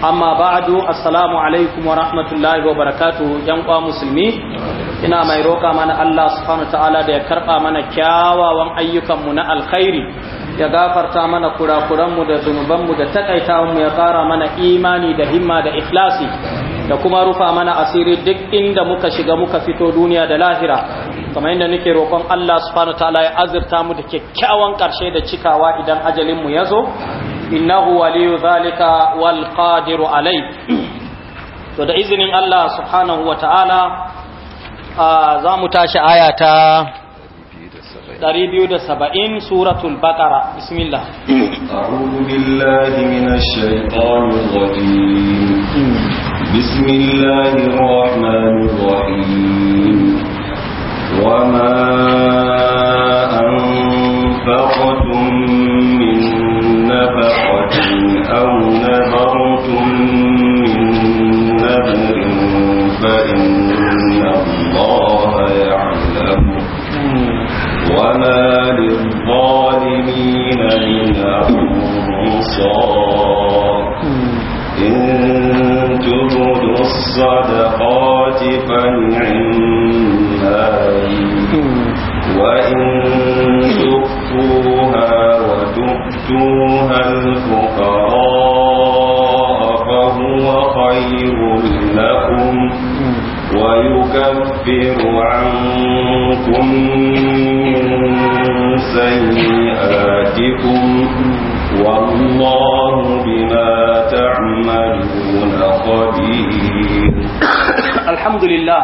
amma ba'du assalamu alaikum wa rahmatullahi wa barakatuhu yan kwa musulmi ina mai roƙa mana Allah subhanahu ta'ala da ya karɓa mana kyawawan ayyukanmu na alkhairi ya gafarta mana kurakuranmu da zunubanmu da mu ya ƙara mana imani da himma da ikhlasi da kuma rufa mana asiri duk inda muka shiga muka fito duniya da lahira kamar yadda nake roƙon Allah subhanahu ta'ala ya azurta mu da kyakkyawan ƙarshe da cikawa idan ajalinmu ya zo innahu waliyu zalika wal qadiru alai to da izinin Allah subhanahu wa ta'ala za mu tashi aya ta 270 suratul baqara bismillah a'udhu billahi minash shaitanir rajim bismillahir rahmanir rahim الأنصار إن تبدوا الصدقات فنعمها وإن تخفوها وتؤتوها الفقراء فهو خير لكم ويكفر عنكم سيئاتكم والله بما تعملون خبير الحمد لله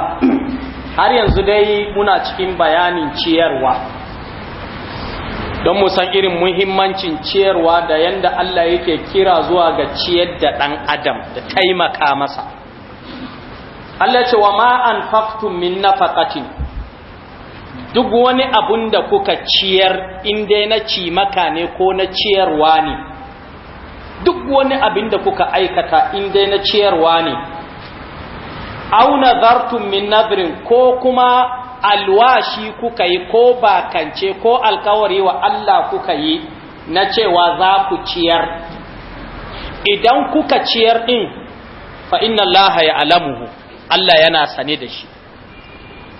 har yanzu dai muna cikin bayanin ciyarwa don mu san irin muhimmancin ciyarwa da yadda Allah yake kira zuwa ga ciyar da ɗan adam da taimaka masa Allah ce wa ma an min nafaqatin duk wani abun da kuka ciyar inda na ci maka ne ko na ciyarwa ne duk wani abin da kuka aikata inda na ciyarwa ne auna zartun min nadrin ko kuma alwashi kuka yi ko bakance ko alkawari wa Allah kuka yi na cewa za ku ciyar idan kuka ciyar din fa inna Allah ya alamuhu Allah yana sane da shi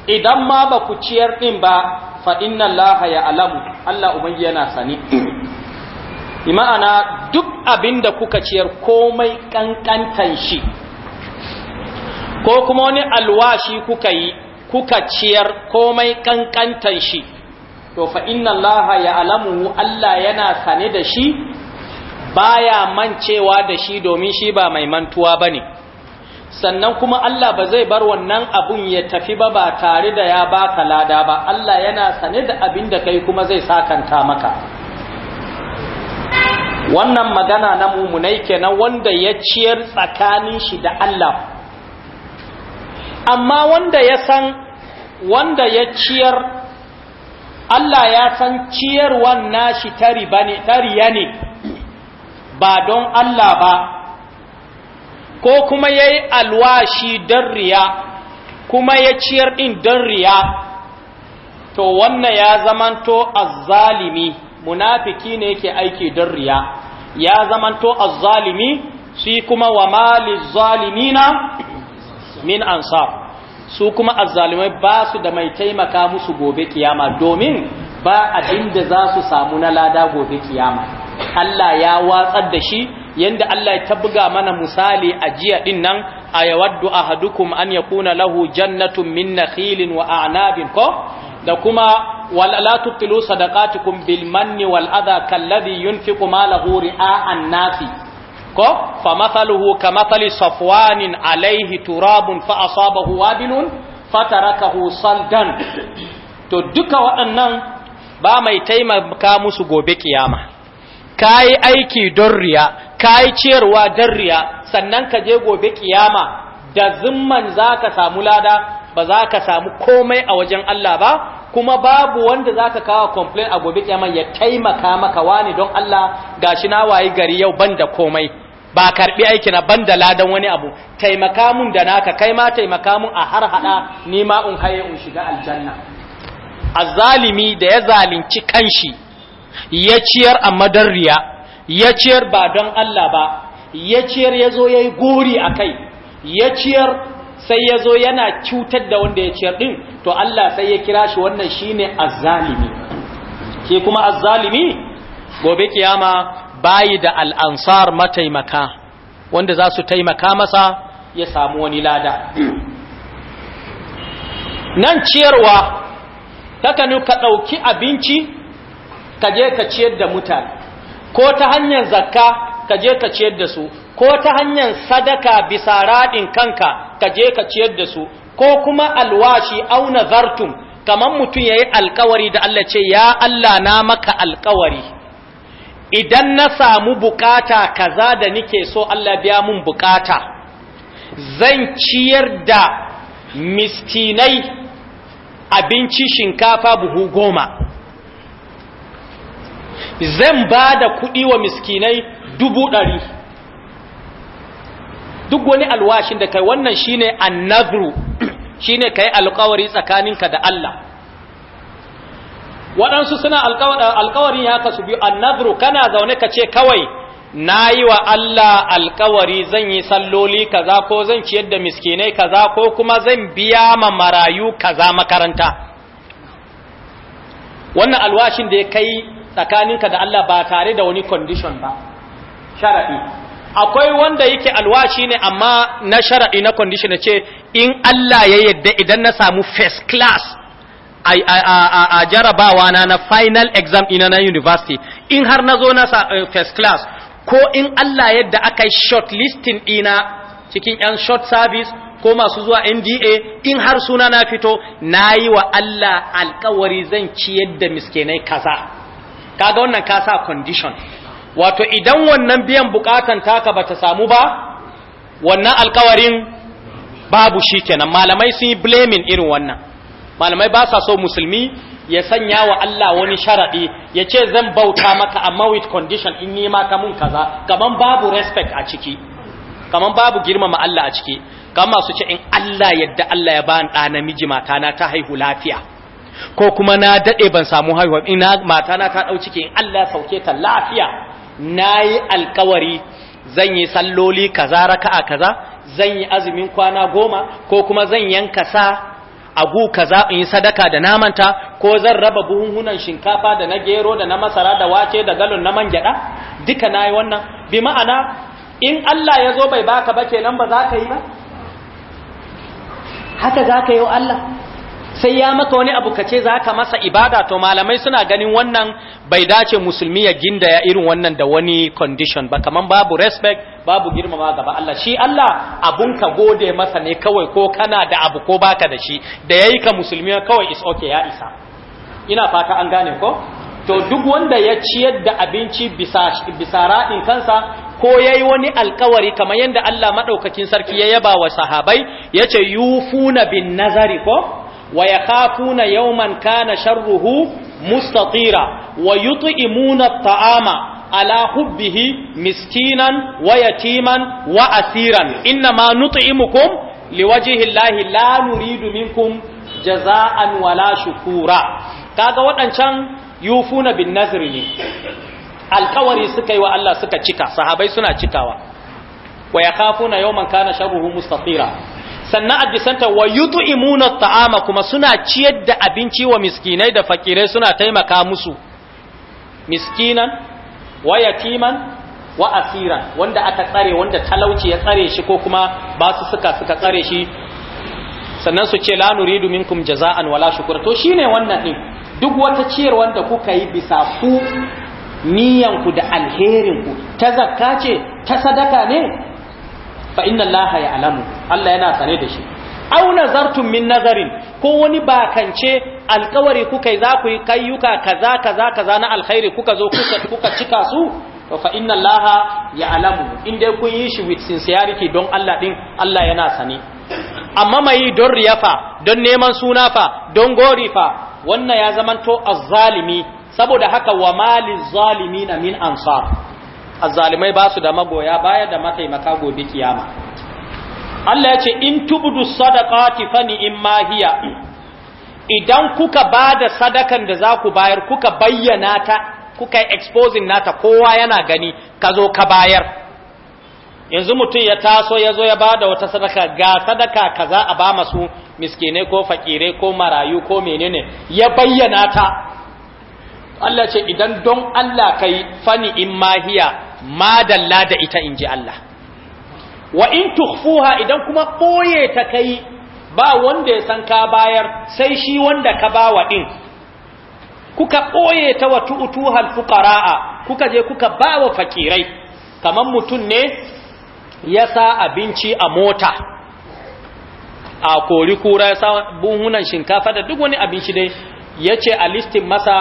idan ma ba ku ciyar ɗin ba fa inna Allah ya alamu Allah ubangi yana sani ma'ana duk abin da kuka ciyar komai ƙanƙantan shi ko kuma wani alwashi kuka yi kuka ciyar komai ƙanƙantan shi to fa inna Allah ya alamu Allah yana sane da shi baya mancewa da shi domin shi ba mai mantuwa bane sannan kuma Allah ba zai bar wannan abun ya tafi ba ba tare da ya baka lada ba Allah yana sane da abin da kai kuma zai sakanta maka wannan magana na mumunai kenan wanda ya ciyar tsakanin shi da Allah amma wanda ya san wanda ya ciyar Allah ya san ciyarwan nashi tari ne ba don Allah ba ko kuma ya yi alwashi don riya kuma ya ciyar ɗin don riya to wannan ya zamanto azzalimi munafiki ne yake aiki don riya ya zamanto azzalimi su kuma wa mali zalimina min ansar su kuma azzalimai ba su da mai taimaka musu gobe kiyama domin ba abin da za su samu na lada gobe kiyama Allah ya watsar da shi yanda Allah ta buga mana misali a jiya din nan ayawaddu ahadukum an yakuna lahu jannatun min nakhilin wa a'nabin ko da kuma wala tubtilu sadaqatukum bil manni wal adha kalladhi yunfiqu malahu ri'a an-nasi ko famathaluhu kamathali safwanin alayhi turabun fa asabahu wabilun fatarakahu saldan to duka waɗannan ba mai taimaka musu gobe kiyama ka yi aiki don riya ka yi ciyarwa don riya sannan ka je gobe kiyama da zimman za ka samu lada ba za ka samu komai a wajen Allah ba kuma babu wanda za ka kawo complain a gobe kiyama ya taimaka maka wani don Allah gashi na wayi gari yau banda komai ba karbi aiki na banda ladan wani abu taimaka mun da naka kai ma taimaka mun a har hada ni ma in haye in shiga aljanna azzalimi da ya zalunci kanshi ya ciyar a madarriya ya ciyar ba don Allah ba ya ciyar ya zo ya yi gori a kai ya ciyar sai ya zo yana cutar da wanda ya ciyar ɗin to Allah sai ya kira shi wannan shine azalimi. ke kuma azalimi gobe kiyama bayi da al'ansar mataimaka wanda za su taimaka masa ya samu wani lada nan ciyarwa ta kanu ka ɗauki abinci ka je ka ciyar da mutane ko ta hanyar zakka ka je ka ciyar da su ko ta hanyar sadaka bisa raɗin kanka ka je ka ciyar da su ko kuma alwashi au nazartum kamar mutum yayi alkawari da Allah ce ya Allah na maka alkawari idan na samu bukata kaza da nike so Allah biya mun bukata zan ciyar da miskinai abinci shinkafa buhu goma zan ba da kuɗi wa miskinai dubu ɗari duk wani alwashin da kai wannan shine annabru shine kai alkawari tsakaninka da Allah waɗansu suna alkawarin ya kasu biyu annabru kana zaune ka ce kawai na yi wa Allah alkawari zan yi salloli kaza ko zan ciyar da miskinai kaza ko kuma zan biya ma marayu kaza makaranta wannan alwashin da ya kai tsakaninka da Allah ba tare da wani condition ba sharaɗi akwai wanda yake alwashi ne amma na sharaɗi na condition ne ce in Allah ya yadda idan na samu first class a jarabawa na na final exam ina na university in har na zo na eh, first class ko in Allah yadda aka yi short ina cikin 'yan short service ko masu zuwa NDA in har suna na fito na yi wa Allah alkawari zan ciyar da miskenai kaza. kaga wannan ka sa condition wato idan wannan biyan bukatan taka bata samu ba wannan alkawarin babu shi kenan malamai sun yi blaming irin wannan malamai ba sa so musulmi ya sanya wa Allah wani sharadi ya ce zan bauta maka amma with condition in yi ta mun kaza kaman babu respect a ciki kaman babu girmama Allah a ciki kaman su ce in Allah yadda Allah ya ba da namiji mata na ta haihu lafiya ko kuma na daɗe ban samu haihuwa ina mata na ta ɗau ciki in Allah sauke ta lafiya na yi alkawari zan yi salloli kaza raka a kaza zan yi azumin kwana goma ko kuma zan yanka sa agu kaza in yi sadaka da namanta ko zan raba buhunhunan shinkafa da na gero da na masara da wace da galon na man gyaɗa. duka nayi wannan bi ma'ana in Allah ya zo bai baka ba kenan ba za ka yi ba haka za ka yi wa Allah sai ya maka wani abu kace za ka masa ibada to malamai suna ganin wannan bai dace musulmi ya gindaya irin wannan da wani condition ba kaman babu respect babu girmama gaba Allah shi Allah abun ka gode masa ne kawai ko kana da abu ko baka da shi da yayi ka musulmi kawai is okay ya isa ina fata an gane ko to duk wanda ya ciyar da abinci bisa bisa radin kansa ko yayi wani alkawari kamar yadda Allah madaukakin sarki ya yaba wa sahabai yace yufuna bin nazari ko wa yakhafuna yawman kana sharruhu mustatira wa yut'imuna at'ama ala hubbihi miskinan wa yatiman wa asiran innama nut'imukum liwajhi llahi la nuridu minkum jaza'an wala shukura kaga waɗancan yufuna bin nazri ne alkawari suka yi wa Allah suka cika sahabai suna cikawa wa yakhafuna yawman kana sharruhu mustatira sannan addisanta wa yutu imuna ta'ama kuma suna ciyar da abinci wa miskinai da fakirai suna taimaka musu miskinan wa yatiman wa asiran wanda aka tsare wanda talauci ya tsare shi ko kuma ba su suka suka tsare shi sannan su ce la nuridu minkum jaza'an wala shukura to shine wannan din duk wata ciyar wanda kuka yi bisa ku ku da alherinku ta zakka ce ta sadaka ne fa inna ya alamu. Allah yana sane da shi aw nazartum min nazarin ko wani bakance alkawari kuka yi za ku yi kayyuka kaza kaza kaza na alkhairi kuka zo kuka kuka cika su to fa inna ya alamu. in dai kun yi shi with sincerity don Allah din Allah yana sane amma mai don riyafa don neman suna fa don gori fa wannan ya zamanto azzalimi saboda haka wa mali zalimi na min ansar azzalimai ba su da magoya baya da mataimaka gobe kiyama Allah ya ce in tubudu sadaqati fa ni'ma hiya idan kuka bada sadakan da za ku bayar kuka bayyana ta kuka exposing nata kowa yana gani ka zo ka bayar yanzu mutum ya taso ya zo ya bada wata sadaka ga sadaka kaza a ba masu miskinai ko faƙirai ko marayu ko menene ya bayyana ta Allah ce idan don Allah kai fani in mahiya dalla da ita in ji Allah wa in tukhfuha idan kuma koye ta kai ba wanda ya san ka bayar sai shi wanda ka ba wa din kuka koye ta wa tu'tuhal fuqaraa kuka je kuka ba wa fakirai kaman mutun ne ya sa abinci a mota a kori kura ya sa buhunan shinkafa da duk wani abinci dai yace a listin masa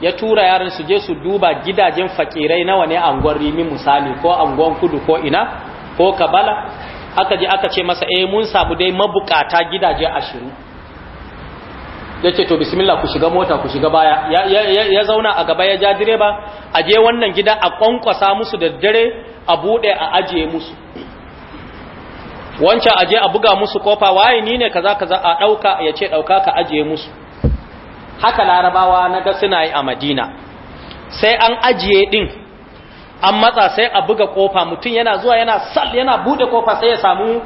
ya tura yaran su je su duba gidajen fakirai nawa ne anguwar rimi misali ko anguwan kudu ko ina ko kabala aka je aka ce masa eh mun samu dai mabukata gidaje ashirin ya ce to bismillah ku shiga mota ku shiga baya ya zauna a gaba ya ja direba a je wannan gida a kwankwasa musu da dare a buɗe a ajiye musu wancan a je a buga musu kofa waye ni ne kaza kaza a ɗauka ya ce ɗauka ka ajiye musu haka larabawa na ga suna yi a madina sai an ajiye din an matsa sai a buga kofa mutum yana zuwa yana sal yana bude kofa sai ya samu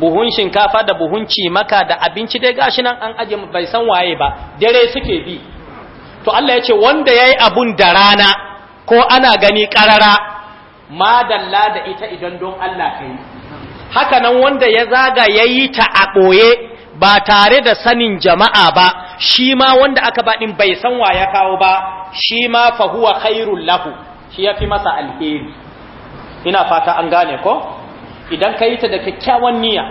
buhun shinkafa da buhun cimaka da abinci dai gashi nan an ajiye bai san waye ba dare suke bi to Allah ya ce wanda yayi abun da rana ko ana gani karara madalla da ita idan don Allah kai haka nan wanda ya zaga yayi ta a boye ba tare da sanin jama'a ba shi ma wanda aka baɗin bai san wa ya kawo ba shi ma fahuwa khairul lahu shi ya fi masa alheri ina fata an gane ko idan ka yi ta da kyakkyawan niyya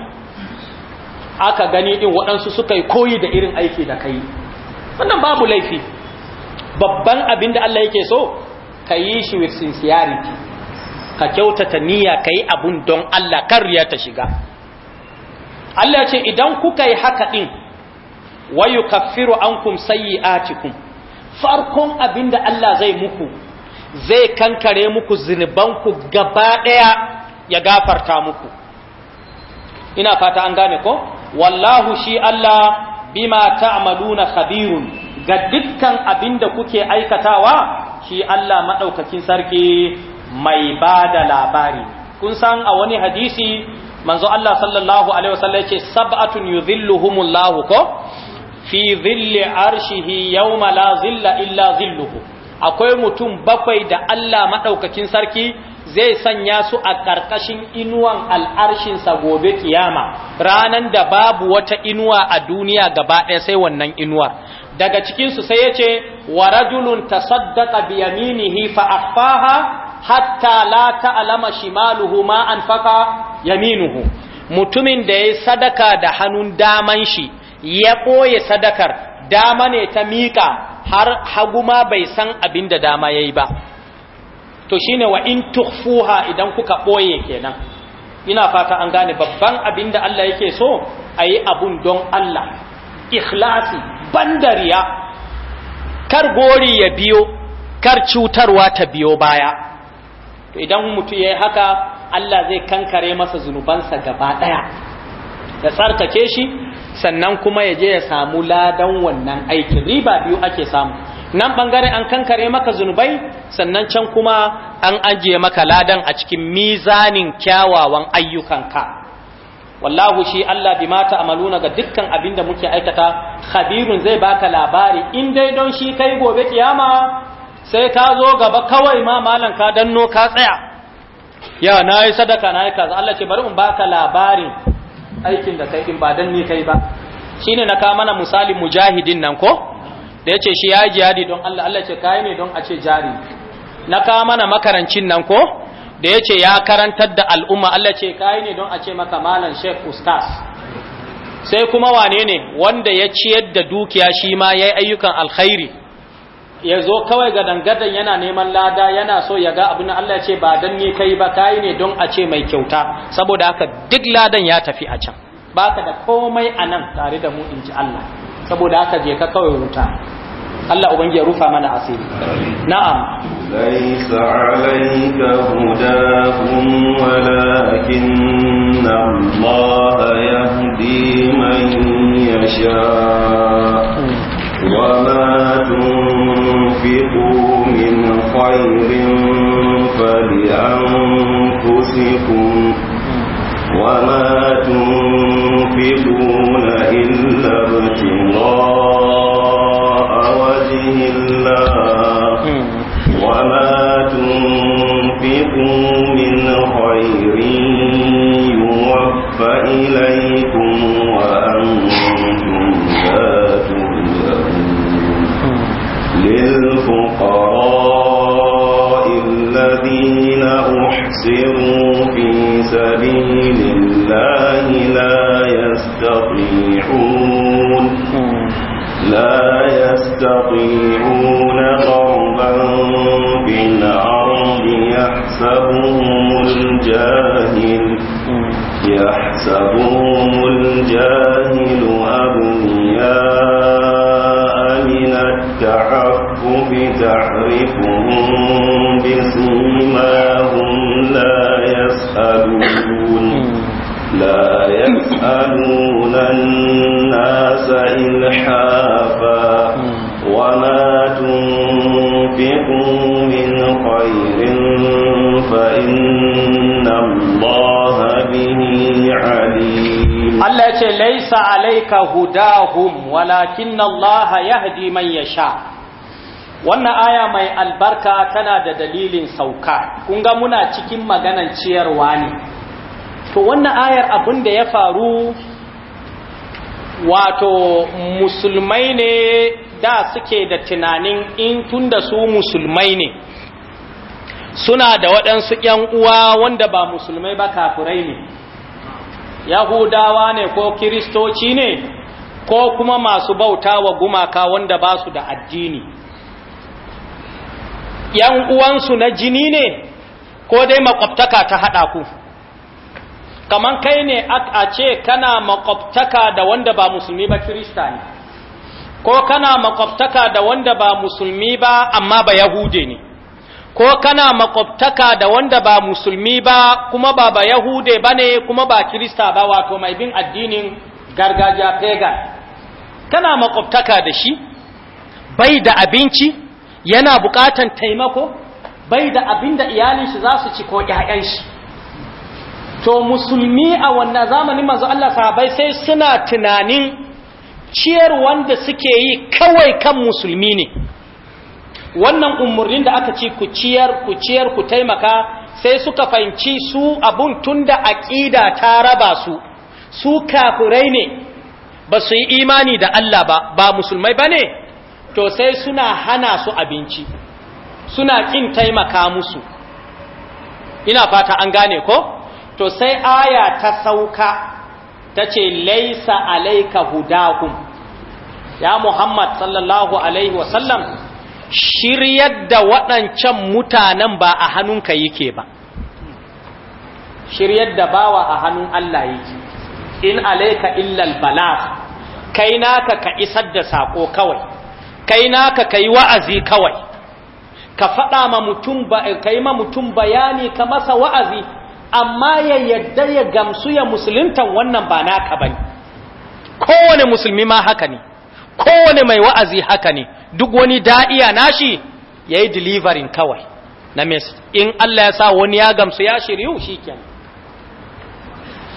aka gani ɗin waɗansu suka yi koyi da irin aiki da kai wannan babu laifi babban abin da Allah yake so ka yi shi with sincerity ka kyautata niyya ka yi abun don Allah kar ya ta shiga Allah ce idan kuka yi haka din wayu kafiru kaffiru ankum sayyi'atikum farkon abinda Allah zai muku zai kankare muku zinubanku gaba daya ya gafarta muku ina fata an gane ko wallahu shi Allah bima ta'maluna khabirun ga dukkan abin da kuke aikatawa shi Allah maɗaukakin sarki mai ba da labari. Kun san a wani hadisi manzo Allah sallallahu alaihi wasallam yace sab'atun yuzilluhumullahu ko fi zilli arshihi yawma la zilla illa zilluhu akwai mutum bakwai da Allah madaukakin sarki zai sanya su a ƙarƙashin inuwan al'arshinsa gobe kiyama ranan da babu wata inuwa a duniya gaba ɗaya sai wannan inuwar daga cikin su sai yace, wa rajulun tasaddaqa bi yaminihi fa akhfaha hatta la ta'lama shimaluhu ma anfaqa yaminuhu mutumin da yayi sadaka da hannun daman shi ya ɓoye sadakar dama ne ta mika har haguma bai san abin da dama yayi ba to shine wa in tukhfuha idan kuka boye kenan ina fata an gane babban abin da Allah yake so ayi abun don Allah ikhlasi bandariya kar gori ya biyo kar cutarwa ta biyo baya to idan mutum ya yi haka Allah zai kankare masa zunubansa gaba ɗaya da tsarkake shi sannan kuma ya je ya samu ladan wannan aikin riba biyu ake samu nan bangare an kankare maka zunubai sannan can kuma an ajiye maka ladan a cikin mizanin kyawawan ayyukanka wallahu shi Allah bi mata amaluna ga dukkan abin da muke aikata khabirun zai baka labari in dai don shi kai gobe kiyama sai ka zo gaba kawai ma malam ka danno ka tsaya ya na yi sadaka na yi kaza Allah ce bari in baka labarin aikin da kai in ba dan ni kai ba shine na ka mana misali mujahidin nan ko da yace shi ya jihadi don Allah Allah ce kai ne don a ce jari na ka mana makarancin nan ko da yace ya karantar da al'umma Allah ce kai ne don a ce maka malam sheikh ustaz sai kuma wane ne wanda ya ciyar da dukiya shi ma yayi ayyukan alkhairi ya zo kawai ga dangadan yana neman lada yana so ya ga abin Allah ya ce ba dan ni kai ba kai ne don a ce mai kyauta saboda haka duk ladan ya tafi a can baka da komai a nan tare da mu in ji Allah saboda haka je ka kawai wuta Allah ubangi ya rufa mana asiri na'am laisa alayka hudahum walakin Allah yahdi man yasha hmm. wa ma أنفسكم وما تنفقون إلا ابتغاء وجه الله الرقيب inna allaha bihi alim Allah ya ce laisa alayka hudahum walakinna allaha yahdi man yasha wannan aya mai albarka tana da dalilin sauka kun ga muna cikin maganan ciyarwa ne to wannan ayar abin da ya faru wato musulmai ne da suke da tunanin in tunda su musulmai ne suna da waɗansu ‘yan uwa wanda ba musulmai ba kafurai ne, Yahudawa ne ko Kiristoci ne, ko kuma masu bauta wa gumaka wanda ba su da addini. ‘Yan uwansu na jini ne, ko dai makwabtaka ta haɗa ku, kamar kai ne a ce kana makwabtaka da wanda ba musulmi ba Kirista ne, ko kana makwabtaka da wanda ba musulmi ba amma ba Yahude ne. ko kana makwabtaka da wanda ba musulmi ba kuma ba ba yahude ba ne kuma ba kirista ba wato mai bin addinin gargajiya pagan kana makwabtaka da shi bai da abinci yana bukatan taimako bai da abin da iyalin shi za su ci ko ƴaƴan shi to musulmi a wannan zamanin manzo Allah sahabbai sai suna tunanin ciyar wanda suke yi kawai kan musulmi ne wannan umarnin da aka ci ku ciyar ku ciyar ku taimaka sai suka fahimci su abun tunda aqida ta raba su su kafirai ne ba su yi imani da Allah ba ba musulmai bane to sai suna hana su abinci suna kin taimaka musu ina fata an gane ko to sai aya ta sauka tace laisa alaika hudahum ya Muhammad sallallahu alaihi wasallam shiryar da waɗancan mutanen ba a hannunka yake ba shiryar da bawa a hannun Allah yake in alaika illal balagh kai naka ka isar da sako kawai kai naka kai wa'azi kawai ka faɗa ma mutum ba kai ma mutum bayani ka masa wa'azi amma ya yadda ya gamsu ya musuluntan wannan ba naka bane kowane musulmi ma haka ne kowane mai wa'azi haka ne duk wani da'iya nashi ya yi delivering kawai na in Allah ya sa wani ya gamsu ya shiryu shi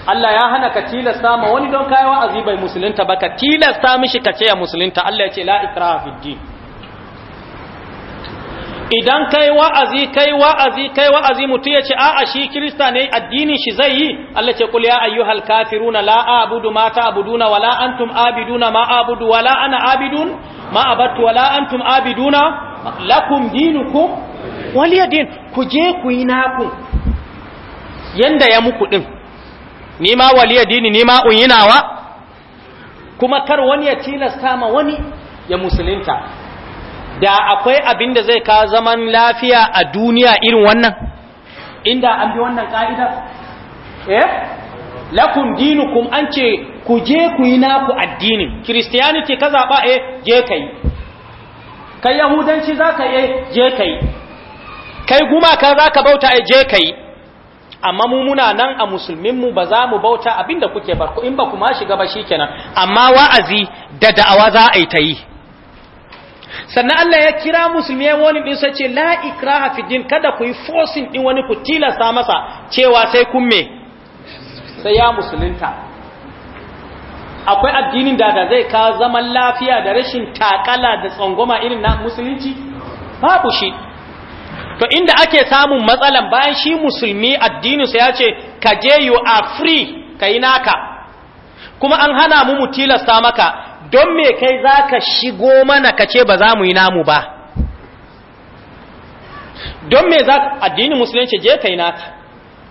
Allah ya hana ka tilasta ma wani don kayi wa'azi bai musulunta ba ka tilasta mishi ka ce ya musulunta Allah ya ce la ikraha fid din idan kai wa'azi kai wa'azi kai wa'azi mutu ya ce a'a shi kirista ne addinin shi zai yi Allah ce kul ya ayyuhal Runa la'a a'budu ma na. wala abidu abiduna ma a'budu wala ana abidun ma abattu wala antum abiduna lakum dinukum waliyadin ku je ku yi naku yanda ya muku din ni ma waliyadini ni ma unyinawa kuma kar wani ya tilasta ma wani ya musulunta da akwai abin da zai ka zaman lafiya a duniya irin wannan inda an bi wannan ka'idar eh lakum dinukum an ce ku je ku yi naku addinin christianity ka zaba eh je kai kai yahudanci za eh je kai kai gumaka za ka bauta eh je kai amma mu muna nan a musulminmu ba za mu bauta abinda kuke barko in ba ku ma shiga ba shikenan amma wa'azi da da'awa za a yi ta yi sannan Allah ya kira musulmi ya wani ɗin sai ce la’ikira kada ku yi fosin ɗin wani ku tilasta masa cewa sai kun me sai ya musulinta. akwai addinin da da zai kawo zaman lafiya da rashin takala da tsangoma irin na musulunci babu shi to inda ake samun matsalan bayan shi musulmi addininsa ya ce ka je you are free ka yi naka kuma an hana mu mu tilasta maka don me kai za ka shigo mana ka ce ba za mu yi namu ba don me za addinin musulunci je kai naka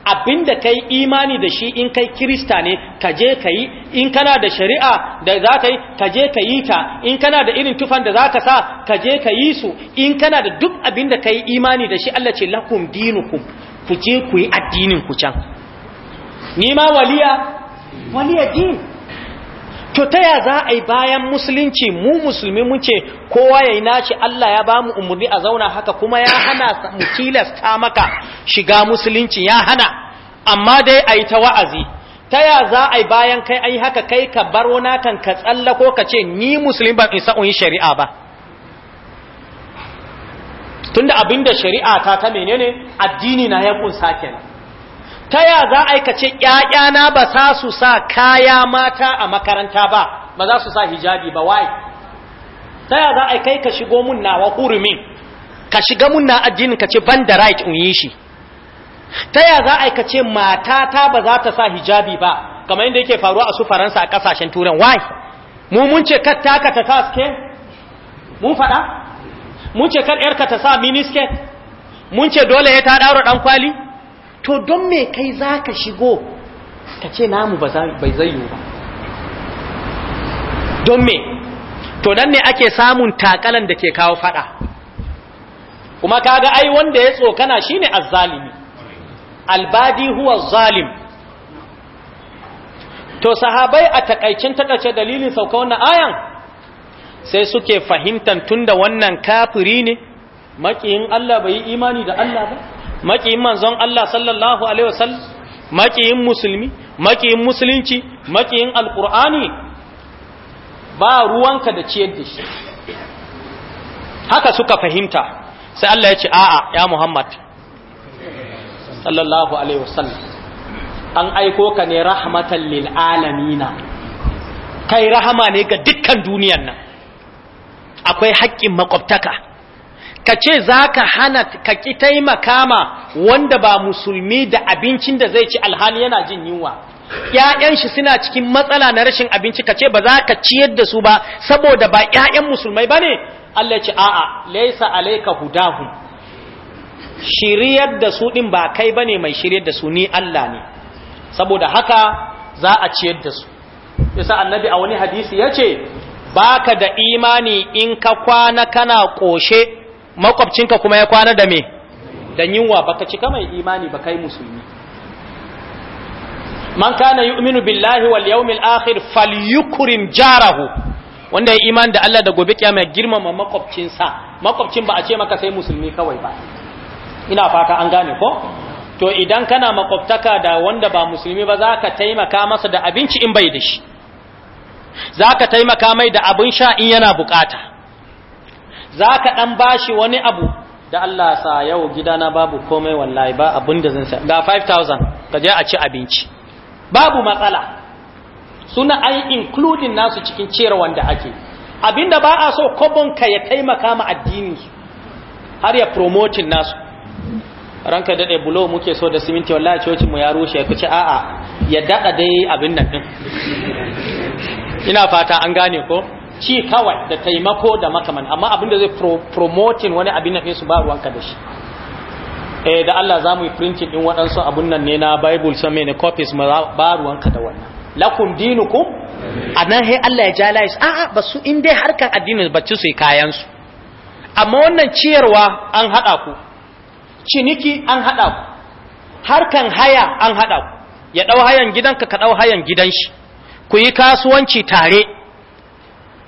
abinda kai imani da shi in kai kirista ne ka je ka yi in kana da shari'a da za ka yi ka je ka yi ta in kana da irin tufan da za ka sa ka je ka yi su in kana da duk abinda yi imani da shi Allah ce lakum dinukum ku je ku yi addinin ku can ni ma waliya waliya din to ta ya za a yi bayan musulunci mu musulmi mun ce kowa ya yi nashi Allah ya ba mu umarni a zauna haka kuma ya hana mu tilasta maka shiga musulunci ya hana amma dai a yi ta wa'azi ta ya za a yi bayan kai ai haka kai ka baro na kan ka ko ka ce ni musulmi ba isa in shari'a ba tunda abinda shari'a ta ta menene addini na ya sake. na ta ya za a aikace ‘ya'yana ba sa su sa kaya mata a makaranta ba ba za su sa hijabi ba wai ta ya za a kai ka shigo mun nawa hurumin ka shiga mun na addinin ka ce ban da right in yi shi ta ya za a mata matata ba za ta sa hijabi ba kamar yadda yake faruwa a su faransa a kasashen turan wai mu mun ce kar taka ta sa skirt mun faɗa mun ce kar yarka ta sa miniskirt mun ce dole ya ta ɗaura ɗan kwali to don me kai za ka shigo ka ce namu bai zai yiwu ba don me to nan ne ake samun takalan da ke kawo fada kuma kaga ai wanda ya tsokana shine azzalimi albadi huwa zalim to sahabai a takaicin takace dalilin sauka wannan ayan sai suke fahimtan tunda wannan kafiri ne makiyin Allah bai yi imani da Allah ba makiyin manzon Allah sallallahu alaihi wasallam makiyin musulmi makiyin musulunci makiyin alqur'ani ba ruwanka da ciyar da shi haka suka fahimta sai Allah ya ce a'a ya Muhammad sallallahu alaihi wasallam an aiko ka ne rahmatan lil alamina kai rahama ne ga dukkan duniyan nan akwai haƙƙin makwabtaka ka ce za ka hana ka ƙi taimaka ma wanda ba musulmi da abincin da zai ci alhali yana jin yunwa ‘ya'yan shi suna cikin matsala na rashin abinci ka ce ba za ka ciyar da su ba saboda ba ‘ya'yan musulmai ba ne Allah ce a'a laisa alaika hudahu shiryar da su ɗin ba kai ba ne mai shiryar da su ni Allah ne saboda haka za a ciyar da su yasa annabi a wani hadisi ya ce ba ka da imani in ka kwana kana ƙoshe makwabcinka kuma ya kwana da me da yunwa baka cika mai imani ba kai musulmi man kana yu'minu billahi wal yawmil akhir falyukrim jarahu wanda ya imani da Allah da gobe kiyama girmama makwabcinsa makwabcin ba a ce maka sai musulmi kawai ba ina fata an gane ko to idan kana makwabtaka da wanda ba musulmi ba zaka taimaka masa da abinci in bai da shi zaka taimaka mai da abin sha in yana bukata za ka ɗan bashi wani abu da Allah sa yau gidana babu komai wallahi ba abin da zan sai ga 5000 ka je a ci abinci babu matsala suna ai including nasu cikin cera wanda ake abinda ba a so kobon ka ya taimaka ma addini har ya promoting nasu ranka dade bulo muke so da siminti wallahi coci mu ya rushe ku ci a'a ya dada dai abin nan din ina fata an gane ko ci kawai da taimako da makaman amma abin da zai promoting wani abin nan su ba ruwanka da shi eh da Allah za mu yi printing din waɗansu abun nan ne na bible san ne copies ma ba ruwanka da wannan lakum dinukum anan he Allah ya ja a a ba su in dai harkan addinin bacci su yi kayan su amma wannan ciyarwa an haɗa ku ciniki an haɗa ku harkan haya an haɗa ku ya ɗau hayan gidanka ka ɗau hayan gidan shi ku yi kasuwanci tare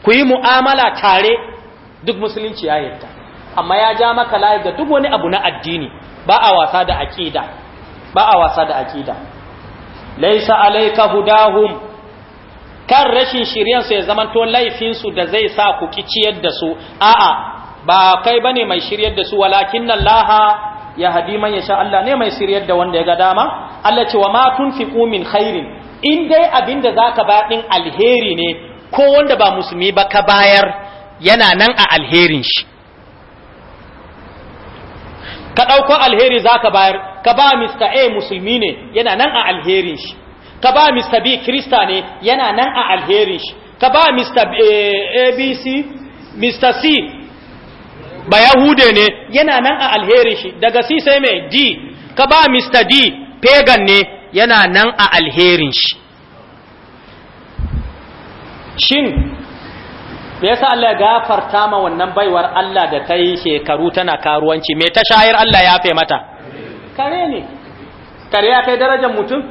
ku yi mu'amala tare duk musulunci ya yarda amma ya ja maka layi ga duk wani abu na addini ba a wasa da aqida ba a wasa da aqida laysa alayka hudahum kan rashin shiryan su ya zamanto laifin su da zai sa ku kiciyar da su a'a ba kai bane mai shiryar da su walakin Allah ya hadi man yasha Allah ne mai shiryar da wanda ya ga dama Allah ce wa ma tunfiqu min khairin in dai abinda zaka ba din alheri ne ko wanda ba musulmi ba ka bayar yana nan a alherin shi ka ɗauko alheri za ka bayar ka ba Mr. A musulmi ne yana nan a alherin shi ka ba Mr. B Krista ne yana nan a alherin shi ka ba Mr. ABC Mr. C ba Yahude ne yana nan a alherin shi daga C sai mai D ka ba Mr. D pagan ne yana nan a alherin shi shin me yasa Allah ya gafarta ma wannan baiwar Allah da ta yi shekaru tana karuwanci me ta shayar Allah ya fe mata kare ne kare ya kai darajar mutum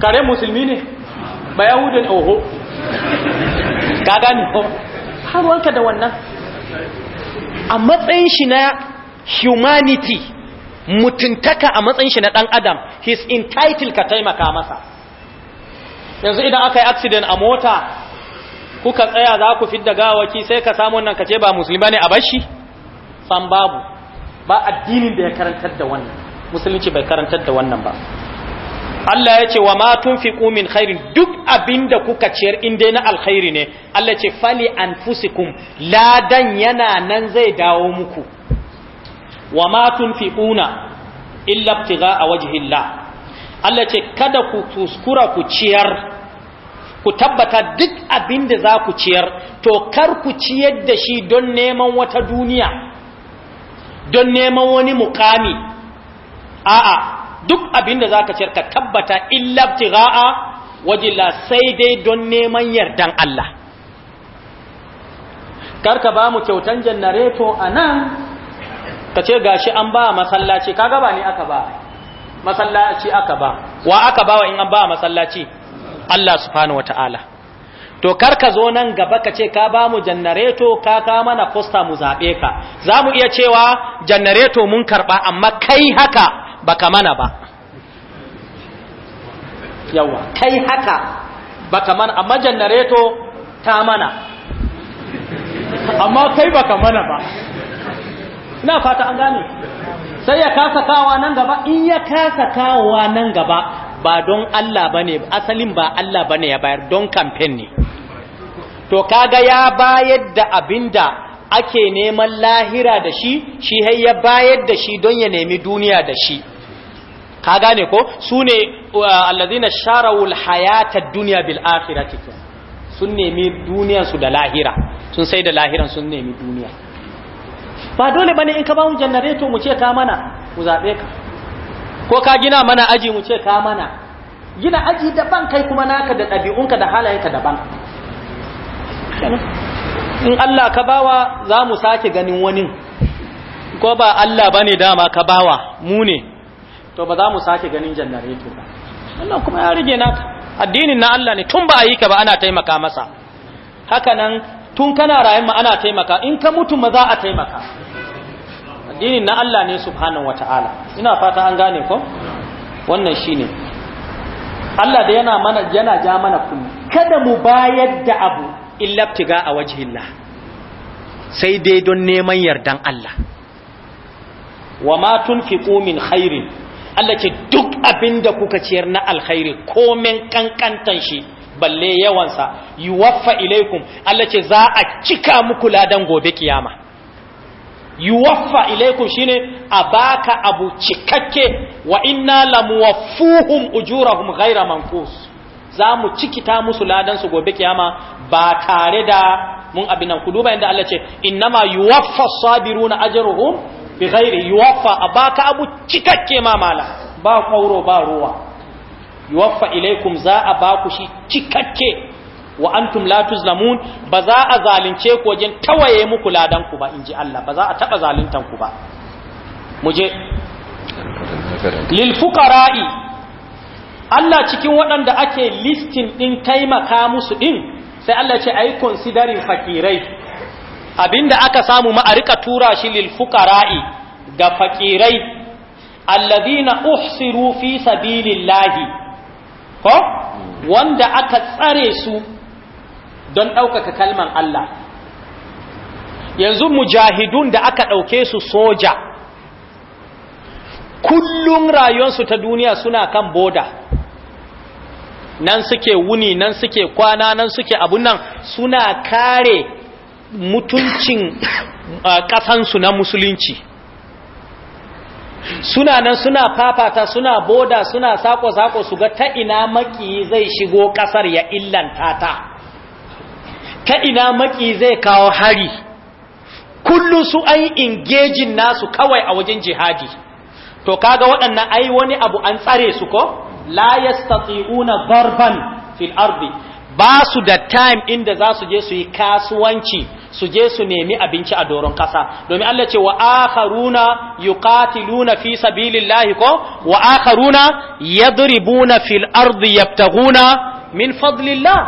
kare musulmi ne ba yahudin oho ka gani ko har wanka da wannan a matsayin shi na humanity mutuntaka a matsayin shi na dan adam his entitled ka taimaka masa yanzu idan aka yi accident a mota kuka tsaya za ku fidda gawaki sai ka samu wannan ka ce ba musulmi ne a bashi san babu ba addinin da ya karantar da wannan musulunci bai karantar da wannan ba Allah ya ce wa ma tunfiqu min khairin duk abinda kuka ciyar in dai na alkhairi ne Allah ce fali anfusikum ladan yana nan zai dawo muku wa ma tunfiquna illa ibtigha wajhillah Allah ce kada ku kuskura ku ciyar ku tabbata duk abin da za ku ciyar to kar ku ciyar da shi don neman wata duniya don neman wani mukami a'a duk abin da za ka ciyar ka tabbata illa tiga'a wajilla sai dai don neman yardan Allah kar ka ba mu kyautan janareto a nan ka ce gashi an ba masallaci kaga ba ne aka ba masallaci aka ba wa aka ba wa in an ba masallaci Allah subhanahu wataala to kar ka zo nan gaba ka ce ka ba mu janareto ka ka mana posta mu zaɓe ka za mu iya cewa janareto mun karɓa amma kai haka baka mana ba yawa kai haka baka mana amma janareto ta mana amma kai baka mana ba ina fata an gane sai ya kasa kawa nan gaba in ya kasa kawa nan gaba ba don Allah bane asalin ba Allah bane ya bayar don campaign ne to kaga ya bayar da abinda ake neman lahira da shi shi har ya bayar da shi don ya nemi duniya da shi ka gane ko su ne uh, allazina sharawul hayata dunya bil akhirati sun nemi duniyarsu da lahira sun sai da lahiran sun nemi duniya ba dole bane in ka ba mu janareto mu ce ka mana mu zaɓe ka ko ka gina mana aji mu ce ka mana gina aji daban kai kuma naka da ka da halayenka daban in Allah ka bawa za mu sake ganin wani ko ba Allah bane dama ka bawa mu ne to ba za mu sake ganin janareto ba Allah kuma ya rige naka addinin na Allah ne tun ba a yi ka ba ana taimaka masa haka nan tun kana rayuwa ma ana taimaka in ka mutu ma za a taimaka addinin na Allah ne subhanahu wata'ala ina fata an gane ko wannan shine Allah da yana mana yana ja mana kunni kada mu bayar da abu illa tiga a wajhillah sai dai don neman yardan Allah wa ma tunfiqu min khairin Allah ce duk abinda kuka ciyar na alkhairi komen kankantan shi balle yawansa yuwaffa ilaikum Allah ce za a cika muku ladan gobe kiyama yuwaffa ilaikum shine a baka abu cikakke wa inna lamuwaffuhum ujurahum ghaira manqus za mu cikita musu ladan su gobe kiyama ba tare da mun abin nan ku duba inda Allah ce innama yuwaffa sabiruna ajruhum bighairi yuwaffa a baka abu cikakke ma mala ba kauro ba ruwa yuwaffa ilaikum za a ba ku shi cikakke wa antum la tuzlamun ba za a zalunce ku wajen tawaye muku ladan ku ba inji Allah ba za a taba zaluntan ku ba muje lil fuqara'i Allah cikin waɗanda ake listin din taimaka musu din sai Allah ce ai considering fakirai abinda aka samu ma a rika tura shi lil fuqara'i ga fakirai alladhina uhsiru fi sabilillahi ko wanda aka tsare su don ɗaukaka kalman Allah yanzu mujahidun da aka ɗauke su soja kullum rayuwarsu ta duniya suna kan boda nan suke wuni nan suke kwana nan suke abun nan suna kare mutuncin uh, na musulunci suna nan suna fafata suna boda suna sako-sako su ga ta ina maki zai shigo kasar ya illanta ta ta ina maki zai kawo hari kullu su an ingejin nasu kawai a wajen jihadi to kaga waɗannan ai wani abu an tsare su ko la yastati'una darban fil ardi ba su da time inda za su je su yi kasuwanci su je su nemi abinci a doron kasa domin Allah ce wa akharuna yuqatiluna fi sabilillahi ko wa akharuna yadribuna fil ardi yabtaguna min fadlillah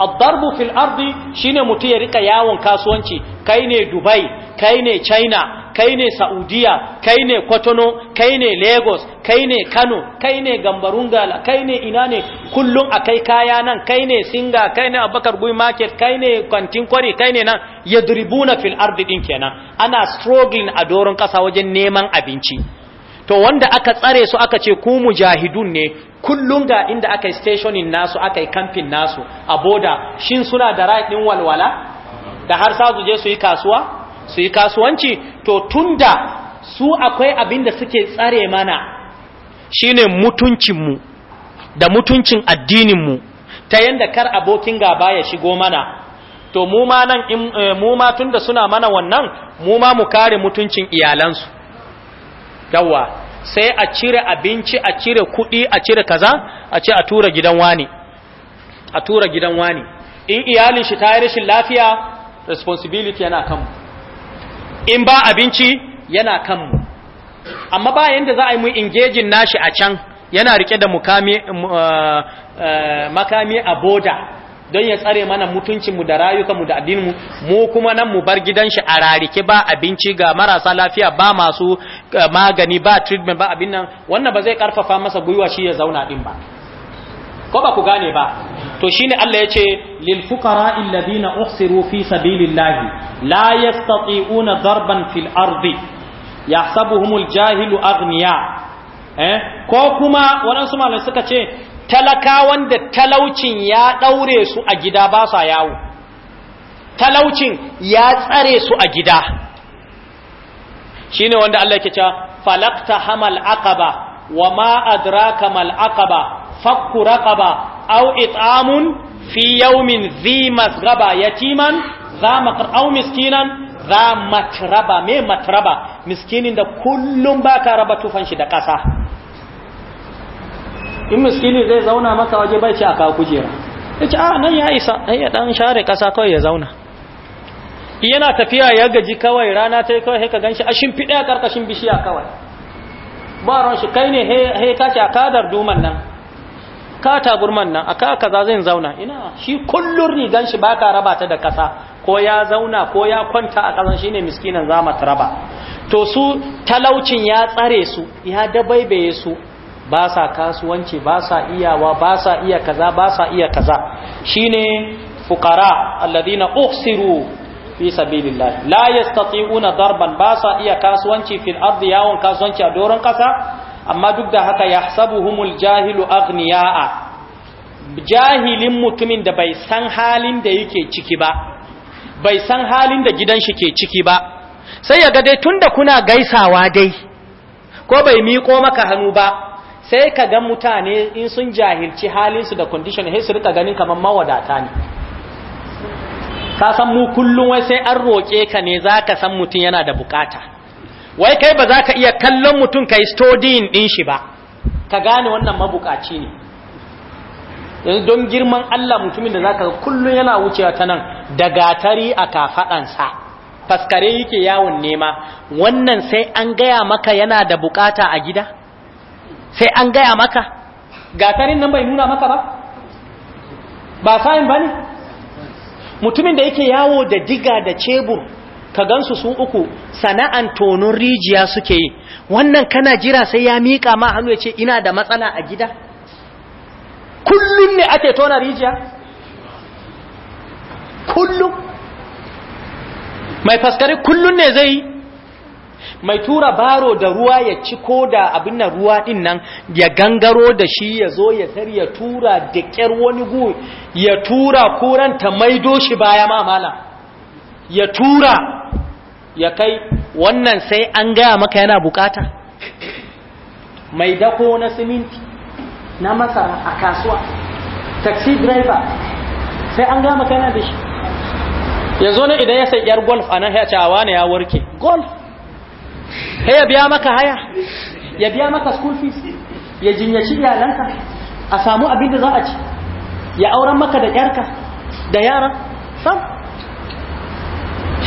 ad-darbu fil ardi shine mutu ya rika yawon kasuwanci kai ne Dubai kai ne China kai ne saudiya kai ne kwatano kai ne lagos kai ne kano kai ne gambarun gala kai ne ina ne kullum a kai kaya nan kai ne singa kai ne abakar gui market kai ne kwantin kwari kai ne nan ya na fil ardi din kenan ana struggling a doron ƙasa wajen neman abinci to wanda aka tsare su aka ce ku mujahidun ne kullum ga inda aka yi stationin nasu aka yi kamfin nasu a boda shin suna da right din walwala da har sa su su yi kasuwa su yi kasuwanci to tunda su akwai abin da suke tsare mana shine mutuncinmu da mutuncin addininmu ta yanda kar abokin gaba ya shigo mana to mu ma nan eh, mu ma tunda suna mana wannan mu ma mu kare mutuncin iyalansu yawa sai a cire abinci a cire kuɗi a cire kaza a ce a tura gidan wani a tura gidan wani in iyalin shi ta yi rashin lafiya responsibility yana kanmu in ba abinci yana kanmu amma ba yanda za a yi mu ingejin nashi a can yana rike da mukami uh, uh, makami a boda don ya tsare mana mutuncinmu da rayukanmu da addininmu mu kuma nan mu bar gidan shi a rarike ba abinci ga marasa lafiya ba masu uh, magani ba treatment ba abin nan wannan ba zai karfafa masa gwiwa shi ya zauna din ba ko ba ku gane ba to shine Allah yace lil fuqara alladhina uhsiru fi sabilillahi la yastati'una darban fil ardi yahsabuhumul jahilu aghniya eh ko kuma waɗansu malamai suka ce talakawan da talaucin ya daure su a gida ba sa yawo talaucin ya tsare su a gida shine wanda Allah yake cewa falaqta hamal aqaba wa ma adraka mal aqaba fakku raqaba aw it'amun fi yawmin dhi masghaba yatiman za maqar aw miskinan za matraba me matraba miskinin da kullum ba ka raba tufan shi da ƙasa in miskinin zai zauna maka waje bai ci a kawo kujera ya ce a ah, nan ya isa ya dan share ƙasa kawai ya zauna yana tafiya ya gaji kawai rana ta yi kawai ka gan shi a shimfiɗe a ƙarƙashin bishiya kawai ba ran shi kai ne he ka ce a kadar duman nan ka gurman nan aka kaza zai zauna ina shi kullun rigan shi baka raba ta da kasa ko ya zauna ko ya kwanta a kasan shine miskinan zama ta raba to su talaucin ya tsare su ya dabaibaye su ba sa kasuwanci ba sa iyawa ba sa iya kaza ba sa iya kaza shine fuqara alladhina uhsiru fi sabilillah la yastati'una darban ba sa iya kasuwanci fil ardi yawon kasuwanci a doron kasa amma duk da haka ya humul jahilu agniya'a jahilin mutumin da bai san halin da yake ciki ba bai san halin da gidan shi ke ciki ba sai ya ga dai da kuna gaisawa dai ko bai miƙo maka hannu ba sai ka ga mutane in sun jahilci halin su da condition sai su rika ganin kamar mawadata ne ka san mu kullum wai sai an roƙe ka ne za ka san mutum yana da bukata wai kai ba za ka iya kallon mutum ka yi stodiyin ɗin shi ba ka gane wannan mabukaci ne yanzu don girman Allah mutumin da za ka kullum yana wucewa ta nan da gatari a kafaɗansa faskare yake yawon nema wannan sai an gaya maka yana da bukata a gida sai an gaya maka gatarin nan bai nuna maka ba ba sayin ba ne mutumin da yake yawo da diga da cebur ka gansu su uku sana'an tonon rijiya suke yi wannan kana jira sai ya miƙa ma hannu ya ce ina da matsala a gida kullum ne ake tona rijiya kullum mai faskari kullum ne zai mai tura baro da ruwa ya ci ko da abin nan ruwa din nan ya gangaro da shi ya zo ya sarya tura da ƙyar wani gu ya tura kuranta maido shi baya mamala ya tura ya kai wannan sai an gaya maka yana bukata mai dako na siminti na masara a kasuwa taxi driver sai an gaya maka yana da shi yanzu ne idan ya sai yar golf a nan ya ne ya warke golf sai ya biya maka haya ya biya maka school fees ya jinyaci iyalanka a samu abin da za a ci ya auren maka da yarka da yaran sam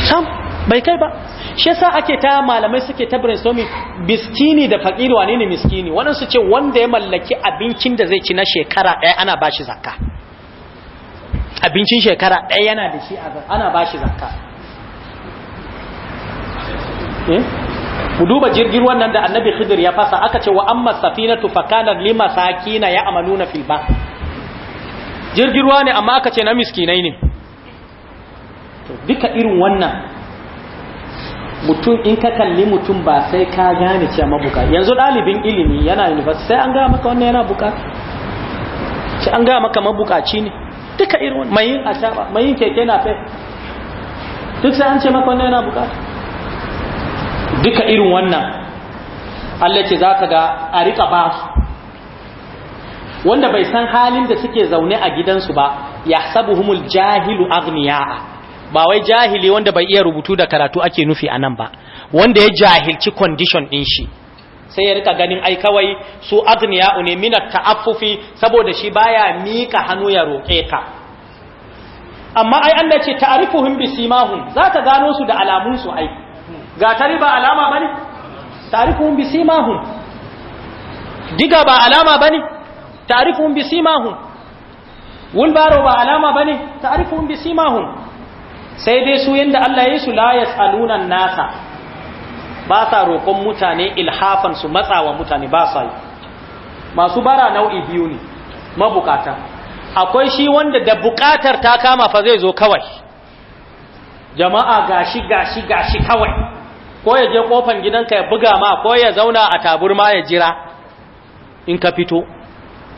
sam bai kai ba shi yasa ake ta malamai suke ta brainstorm biskini da fakiri wane ne miskini su ce wanda ya mallaki abincin da zai ci na shekara ɗaya ana ba shi zakka abincin shekara ɗaya yana da shi ana ba shi zakka ku eh? duba jirgin wannan da annabi khidir ya fasa aka ce wa amma safinatu fakana limasakin sakina ya amaluna fil ba jirgin ruwa ne amma aka ce na miskinai ne to duka irin wannan mutum in ka kalli mutum ba sai ka gane cewa mabuka yanzu ɗalibin ilimi yana university sai an gaya maka wannan yana bukaci sai an gaya maka mabukaci ne duka irin wannan mai yin acaba mai yin keke na fai duk sai an ce maka wannan yana bukaci duka irin wannan Allah ce za ka ga a riƙa ba su wanda bai san halin da suke zaune a gidansu ba ya sabuhumul jahilu agniya'a ba wai jahili wanda bai iya rubutu da karatu ake nufi a nan ba wanda ya jahilci condition ɗin shi sai ya rika ganin ai kawai su agniya ne minat ta'affufi saboda shi baya mika hannu ya roƙe ka amma ai Allah ce ta'rifuhum bi simahum zaka gano su da alamun su ai ga tari ba alama bane ta'rifuhum bi simahum diga ba alama bane ta'rifuhum bi simahum wulbaro ba alama bane ta'rifuhum bi simahum sai dai su yadda Allah ya su la tsalunan nasa ba sa roƙon mutane ilhafan su matsawa mutane ba sa yi masu bara nau'i biyu ne mabukata akwai shi wanda da bukatar ta kama fa zai zo kawai jama'a gashi gashi gashi kawai ko ya je kofan gidanka ya buga ma ko ya zauna a taburma ya jira in ka fito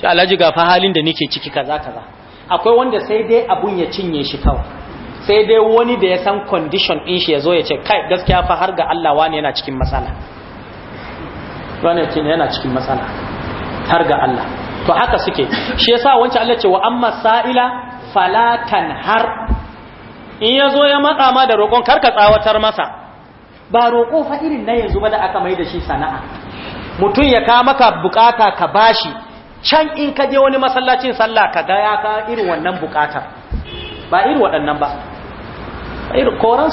alhaji ga fa halin da nake ciki kaza kaza akwai wanda sai dai abun ya cinye shi kawai sai dai wani da ya san condition din shi ya zo ya ce kai gaskiya fa har ga Allah wani yana cikin matsala wani yana cikin matsala har ga Allah to haka suke shi yasa wancan Allah ce wa amma sa'ila falatan har in ya zo ya matsa ma da roƙon karka tsawatar masa ba roƙo fa irin na yanzu ba da aka mai da shi sana'a mutum ya ka maka bukata ka bashi can in ka je wani masallacin sallah ka ga ya ka irin wannan bukatar ba irin waɗannan ba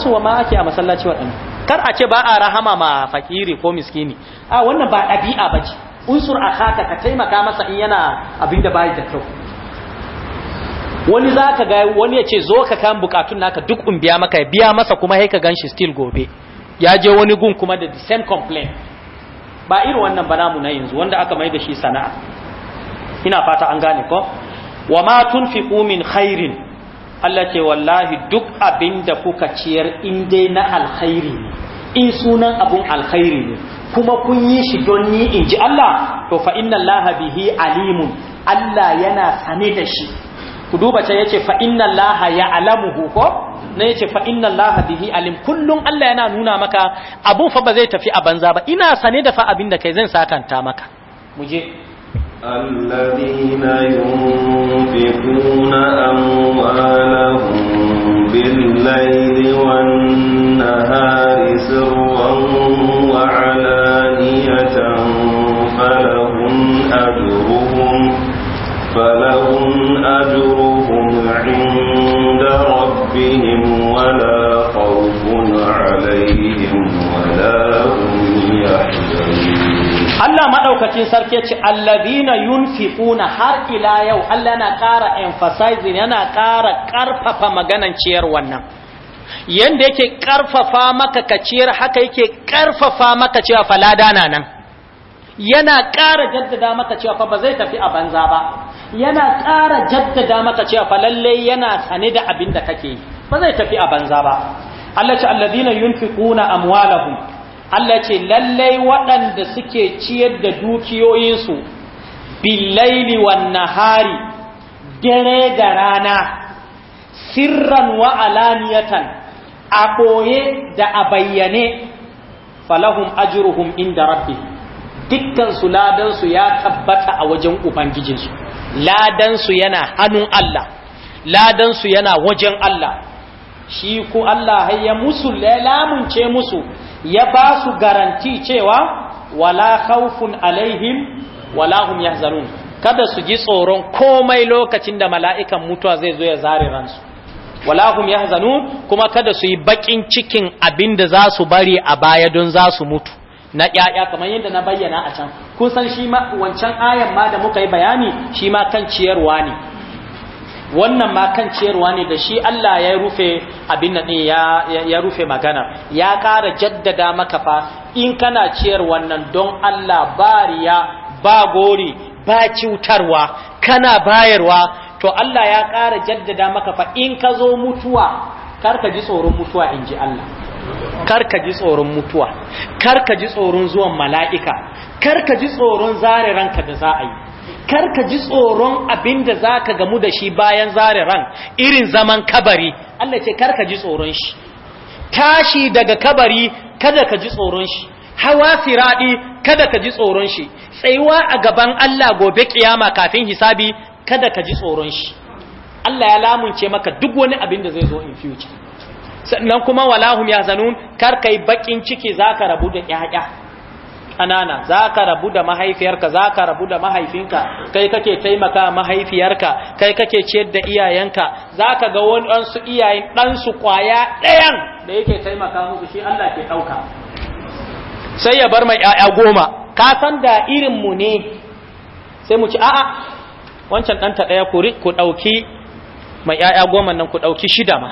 su wa ma ake a masallaci waɗanda kar a ce ba a rahama ma fakiri ko miskini a wannan ba ɗabi'a ba ce unsur a haka ka taimaka masa in yana abin da bayi da kyau wani za ga wani ya ce zo ka kan bukatun naka duk in biya maka ya biya masa kuma haika gan shi still gobe ya je wani gun kuma da the same complaint ba irin wannan ba namu na yanzu wanda aka mai da shi sana'a ina fata an gane ko wa ma tunfiqu min khairin Allah ce wallahi duk abin da kuka ciyar in dai na alkhairi ne in sunan abun alkhairi ne kuma kun yi shi don ni in ji Allah to fa inna Allah bihi alimun Allah yana sane da shi ku duba can yace fa inna Allah alamu ko na yace fa inna Allah bihi alim kullun Allah yana nuna maka abun fa ba zai tafi a banza ba ina sane da fa abin da kai zan sakanta maka muje الذين ينفقون أموالهم بالليل والنهار سرا وعلانية فلهم أجرهم فلهم أجرهم عند ربهم ولا Allah maɗaukacin sarki ce allazina yunfiquna har ila yau Allah na ƙara emphasizing yana ƙara ƙarfafa maganan ciyar wannan yanda yake ƙarfafa maka ka ciyar haka yake ƙarfafa maka cewa falada na nan yana ƙara jaddada maka cewa fa ba zai tafi a banza ba yana ƙara jaddada maka cewa fa lalle yana sane da abin da kake yi ba zai tafi a banza ba Allah ce allazina yunfiquna amwalahum Allah ce lallai waɗanda suke ciyar da dukiyoyinsu billaili wan nahari dare da rana sirran wa alaniyatan a ɓoye da a bayyane falahum ajruhum inda rabbi Dukkansu su ya tabbata a wajen ubangijinsu ladansu yana hannun Allah ladansu yana wajen Allah shi ku Allah ya musu lamunce musu ya ba su garanti cewa wala khawfun alaihim wala hum yahzarun kada su ji tsoron komai lokacin da mala'ikan mutuwa zai zo ya zare ransu wala hum yahzanun kuma kada su yi bakin cikin abinda da za su bari a baya don za su mutu na ƴaƴa kamar yadda na bayyana a can kun san shi ma wancan ayan ma da muka yi bayani shi ma kan ciyarwa ne wannan ma kan ciyarwa ne da shi Allah ya rufe abin nan ya ya rufe magana ya ƙara jaddada maka fa in kana ciyar wannan don Allah bariya ba gori ba cutarwa kana bayarwa to Allah ya ƙara jaddada maka fa in ka zo mutuwa kar ka ji tsoron mutuwa in ji Allah kar ka ji tsoron mutuwa kar ka ji tsoron zuwan mala'ika kar ka ji tsoron zare ranka da za a yi kar ka ji tsoron abin da za ka gamu da shi bayan zare ran irin zaman kabari Allah ce kar ka ji tsoron shi tashi daga kabari kada ka ji tsoron shi hawa siradi kada ka ji tsoron shi tsayuwa a gaban Allah gobe kiyama kafin hisabi kada ka ji tsoron shi Allah ya lamunce maka duk wani abin da zai zo in future sannan kuma walahum yahzanun kar bakin ciki zaka rabu da ƴaƴa kanana za ka rabu da mahaifiyarka za ka rabu da mahaifinka kai kake taimaka mahaifiyarka kai kake ciyar da iyayenka za ka ga waɗansu iyayen ɗansu kwaya ɗayan da yake taimaka musu shi Allah ke ɗauka sai ya bar mai ‘ya'ya goma ka san da mu ne sai mu ci a'a wancan ɗanta ɗaya ku ɗauki mai ‘ya'ya goma nan ku ɗauki shida ma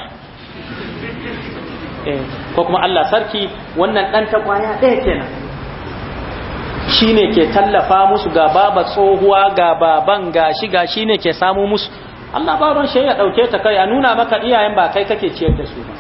eh, ko kuma Allah sarki wannan ta kwaya ɗaya kenan shine ke tallafa musu ga baba tsohuwa ga baban ga gashi ga shine ke samu musu Allah baban shi ya dauke ta kai a nuna maka iyayen ba kai kake ciyar da su ba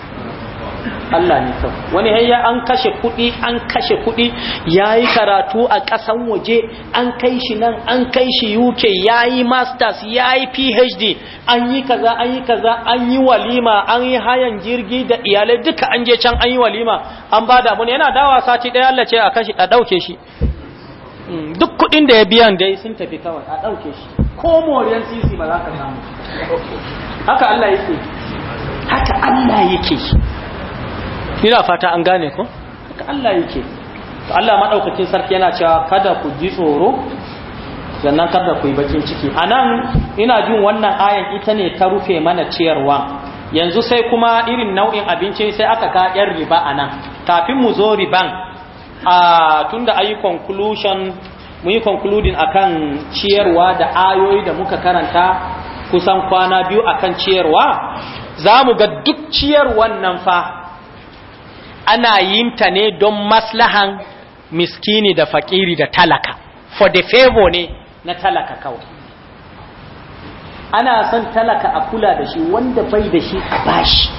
Allah ne kawai wani hayya an kashe kuɗi an kashe kuɗi yayi karatu a ƙasan waje an kai shi nan an kai shi UK yayi masters yayi PhD an yi kaza an yi kaza an yi walima an yi hayan jirgi da iyalai duka an je can an yi walima an bada mun yana dawa sati ɗaya Allah ce a kashi a ɗauke shi Mm. duk kuɗin da ya biyan dai sun tafi kawai a ɗauke shi ko moriyar sisi ba za ka samu haka Allah yake haka Allah yake ina fata an gane ko haka Allah yake to Allah madaukakin sarki yana cewa kada ku ji tsoro sannan kada ku yi bakin ciki anan ina jin wannan ayan ita ne ta rufe mana ciyarwa yanzu sai kuma irin nau'in abinci sai aka ka yar riba anan kafin mu zo riban a tunda ayi conclusion muyi yi concluding akan ciyarwa da ayoyi da muka karanta kusan kwana biyu akan ciyarwa za mu ga duk ciyarwan nan fa ana yin ta ne don maslahan miskini da fakiri da talaka for the favor ne na talaka kawai ana son talaka a kula da shi wanda bai da shi a bashi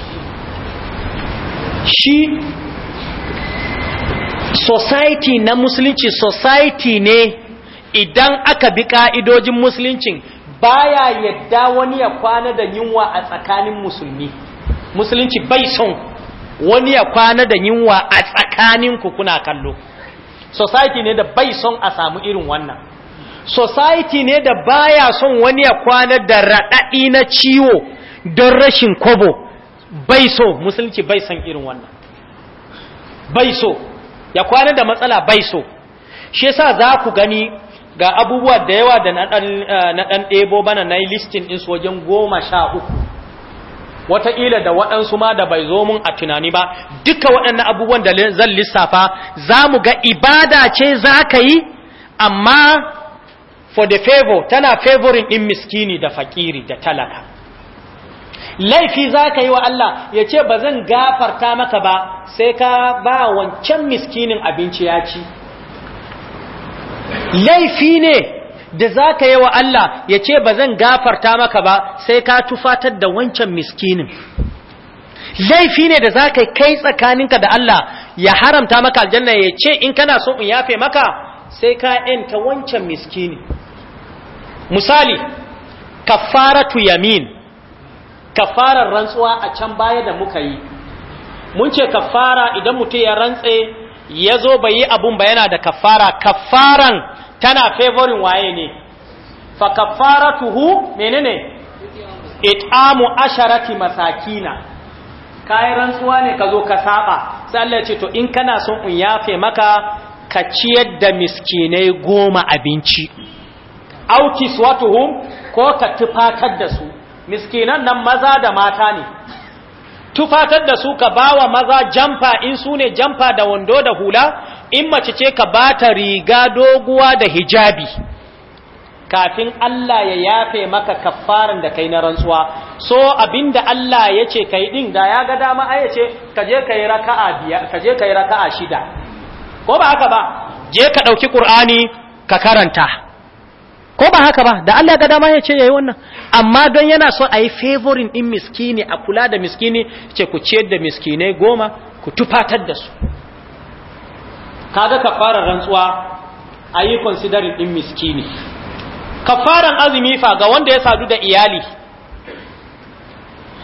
shi society na musulunci society ne idan aka bi ka'idojin musuluncin baya yadda wani ya kwana da yunwa a tsakanin musulmi musulunci bai son wani ya kwana da yunwa a tsakanin ku kuna kallo society ne da bai son a samu irin wannan society ne da baya son wani ya kwana da raɗaɗi na ciwo don rashin kobo bai so musulunci bai son irin wannan bai so ya kwana da matsala bai so shi yasa za ku gani ga abubuwa da yawa da na ɗan eh, ɗebo bana na yi listin ɗinsu wajen goma sha uku wataƙila da waɗansu ma da bai zo mun a tunani ba duka waɗannan abubuwan da zan lissafa za mu ga ibada ce za ka yi amma for the favor tana favorin in miskini da fakiri da talaka laifi za ka yi wa Allah ya ce ba zan gafarta maka ba sai ka ba wancan miskinin abinci ya ci laifi ne da za ka yi wa Allah ya ce ba zan gafarta maka ba sai ka tufatar da wancan miskinin laifi ne da za ka kai tsakaninka da Allah ya haramta maka aljanna ya ce in kana so in yafe maka sai ka ‘yanta wancan miskini misali kaffaratu yamin kafarar rantsuwa a can baya da muka yi mun ce kafara idan mutum ya rantse ya zo bai yi abun ba yana da kafara kafaran tana favorin waye ne fa kafaratuhu menene it'amu asharati masakina kai rantsuwa ne ka zo ka saba sai ce to in kana son in yafe maka ka ciyar da miskinai goma abinci autis watuhum ko ka tufatar da su miskinan nan maza da mata ne tufatar da su ka bawa maza jamfa in su ne jamfa da wando da hula in mace ce ka bata riga doguwa da hijabi kafin Allah ya yafe maka kaffaran da kai na rantsuwa so abinda Allah ya ce kai din da ya ga dama ai ce ka je kai raka'a biyar ka je kai raka'a shida ko ba haka ba je ka dauki qur'ani ka karanta ko ba haka ba da Allah ga dama ya ce yayi wannan amma don yana so a yi favorin din miskini a kula da miskini ce ku ciyar da miskinai goma ku tufatar da su kaga kafarar rantsuwa a yi considering din miskini kafaran azumi fa ga wanda ya sadu da iyali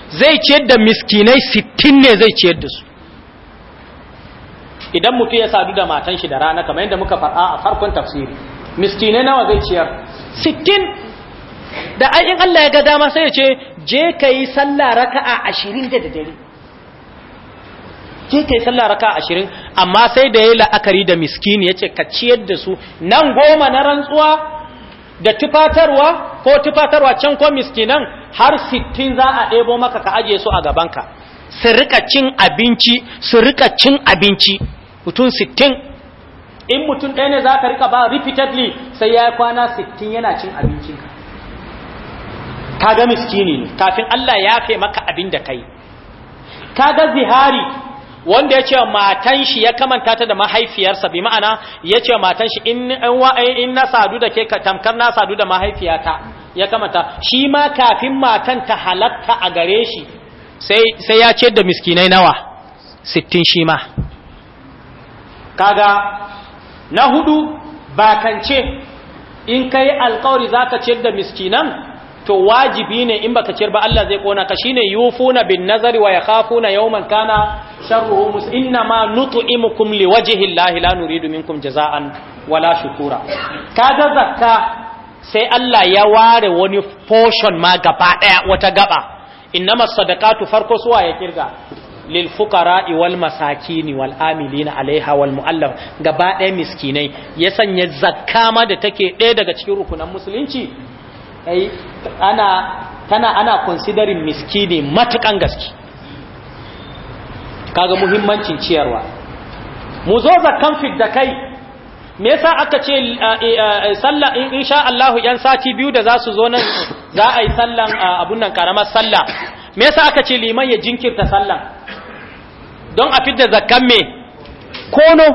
zai ciyar da miskinai sittin ne zai ciyar da su idan mutum ya sadu da matan shi da rana kamar yadda muka faɗa a farkon tafsiri miskinai nawa zai ciyar sittin da ai Allah ya ga dama sai ya ce je ka yi sallah raka'a ashirin da dare je ka yi sallah raka'a ashirin amma sai da yayi la'akari da miskini ya ce ka ciyar da su nan goma na rantsuwa da tufatarwa ko tufatarwa can ko miskinan har sittin za a ɗebo maka ka ajiye su a gabanka su rika cin abinci su rika cin abinci mutum sittin in mutum ɗaya ne za ka rika ba repeatedly sai ya yi kwana 60 yana cin abincin ka Ka ga miskini ne kafin Allah ya fi maka abin da kai ka ga zihari wanda ya ce matan shi ya kamanta ta da mahaifiyarsa bi ma'ana ya ce matan shi in na sadu da ke tamkar na sadu da mahaifiyata ya kamanta shi ma kafin matan ta halatta a gare shi sai ya ce da miskinai nawa sittin shi ma kaga na hudu kance in kai alkawari zaka ciyar da miskinan to wajibi ne in baka ciyar ba Allah zai kona ka shine yufuna bin nazari wa yakhafuna yawman kana sharruhu mus inna ma nut'imukum liwajhi Allahi la nuri minkum jazaan wala shukura ga zakka sai Allah ya ware wani portion ma gaba daya wata gaba innama sadakatu farko suwa ya kirga lil fuqara'i wal masakini wal amilina alaiha wal muallaf gaba ɗaya miskinai ya sanya zakka ma da take ɗaya daga cikin rukunan musulunci ai ana tana ana considering miskini matukan gaske kaga muhimmancin ciyarwa mu zo zakkan fit da kai me yasa aka ce sallah insha Allah yan sati biyu da za su zo nan za a yi sallan abun nan karamar salla? me yasa aka ce liman ya jinkirta sallan don a fidda zakan me kono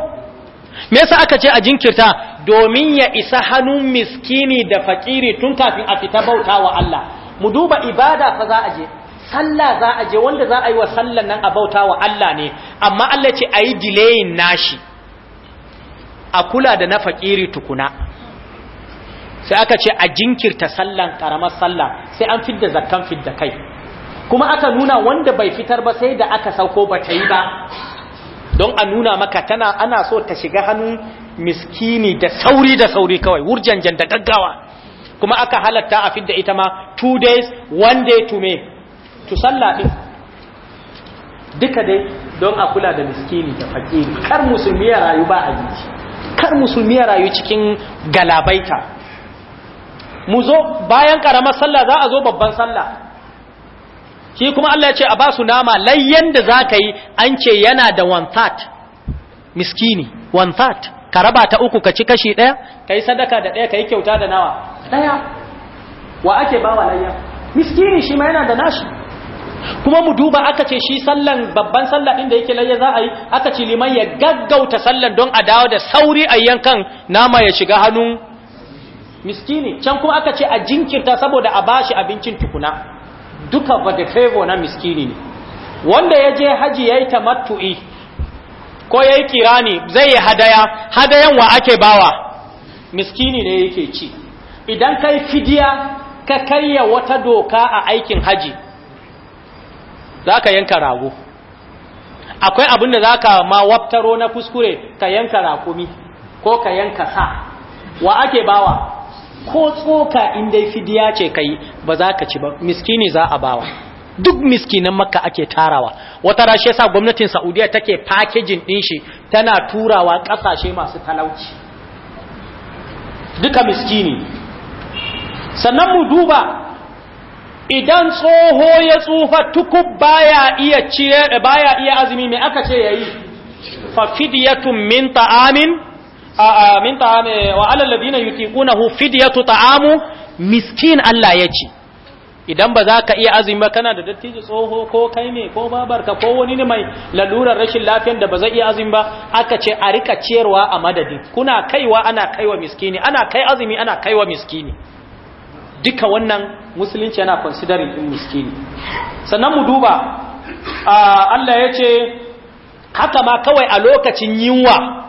me yasa aka ce a jinkirta domin ya isa hannun miskini da fakiri tun kafin a fita bauta wa Allah mu duba ibada fa za a je sallah za a je wanda za a yi wa sallan nan a bauta wa Allah ne amma Allah ce a yi dileyin nashi a kula da na fakiri tukuna sai aka ce a jinkirta sallan karamar sallah sai an fidda zakkan fidda kai kuma aka nuna wanda bai fitar ba sai da aka sauko ba ta yi ba don a nuna maka tana ana so ta shiga hannun miskini da sauri da sauri kawai wurjanjan da gaggawa kuma aka halatta a fidda ita ma two days one day to me to salla din duka dai don a kula da miskini da fakiri kar musulmi ya rayu ba jiki kar musulmi ya rayu cikin galabaita mu zo bayan karamar sallah za a zo babban sallah shi kuma Allah ya ce a ba su nama layyan da za ka yi an ce yana da one third miskini one third ka raba ta uku ka ci kashi ɗaya ka yi sadaka da ɗaya ka yi kyauta da nawa ɗaya wa ake ba wa layya miskini shi ma yana da nashi kuma mu duba aka ce shi sallan babban sallah ɗin da yake layya za a yi aka ce liman ya gaggauta sallan don a dawo da sauri a yankan nama ya shiga hannun miskini can kuma aka ce a jinkirta saboda a bashi abincin tukuna duka ba da favor na miskini ne wanda ya je haji ya yi tamattu'i ko ya yi kirani zai yi hadaya hadayan wa ake bawa miskini ne yake ci idan kai fidiya ka karya wata doka a aikin haji za ka yanka rago akwai abin da za ka ma waftaro na kuskure ka yanka rakumi ko ka yanka sa wa ake bawa ko tsoka in dai fidiya ce kai ba za ka ci ba miskini za a bawa duk miskinan makka ake tarawa wata rashe sa gwamnatin saudiya take packaging din shi tana turawa kasashe masu talauci duka miskini sannan mu duba idan tsoho ya tsufa tukub baya iya cire baya iya azumi me aka ce yayi fa fidiyatun min ta'amin min ta'am wa alal ladina yutiqunahu fidyatu ta'amu miskin Allah yace idan ba za ka iya azumi ba kana da dattijo tsoho ko kai ne ko babarka ko wani ne mai lalurar rashin lafiyar da ba zai iya azumi ba aka ce a rika ciyarwa a madadin kuna kaiwa ana kaiwa miskini ana kai azumi ana kaiwa miskini duka wannan musulunci yana considering din miskini sannan mu duba Allah yace haka ma kawai a lokacin yinwa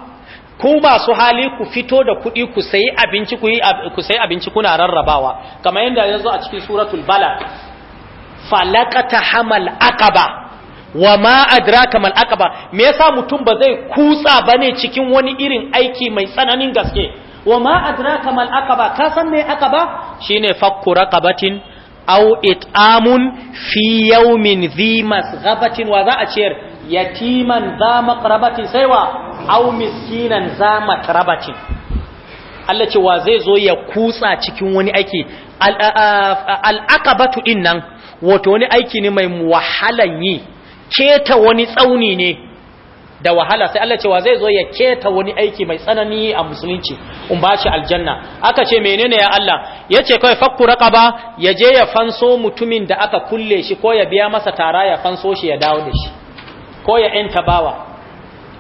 ku masu hali ku fito da kuɗi ku sayi abinci ku ku sayi abinci kuna rarrabawa kamar yadda ya zo a cikin suratul bala falaqata hamal aqaba wa ma adraka mal aqaba me yasa mutum ba zai kutsa bane cikin wani irin aiki mai tsananin gaske wa ma adraka mal aqaba ka san me aqaba shine fakku raqabatin aw it'amun fi yawmin dhi masghabatin wa za a ciyar yatiman za maƙarabatin sai wa au miskinan za maƙarabatin Allah ce wa zai zo ya kutsa cikin wani aiki al'aqabatu din nan wato wani aiki ne mai wahalan yi keta wani tsauni ne da wahala sai Allah ce wa zai zo ya keta wani aiki mai tsanani a musulunci in ba shi aljanna aka ce menene ya Allah yace ce kawai fakku raqaba ya je ya fanso mutumin da aka kulle shi ko ya biya masa tara ya fanso shi ya dawo da shi ko ya ‘yanta bawa,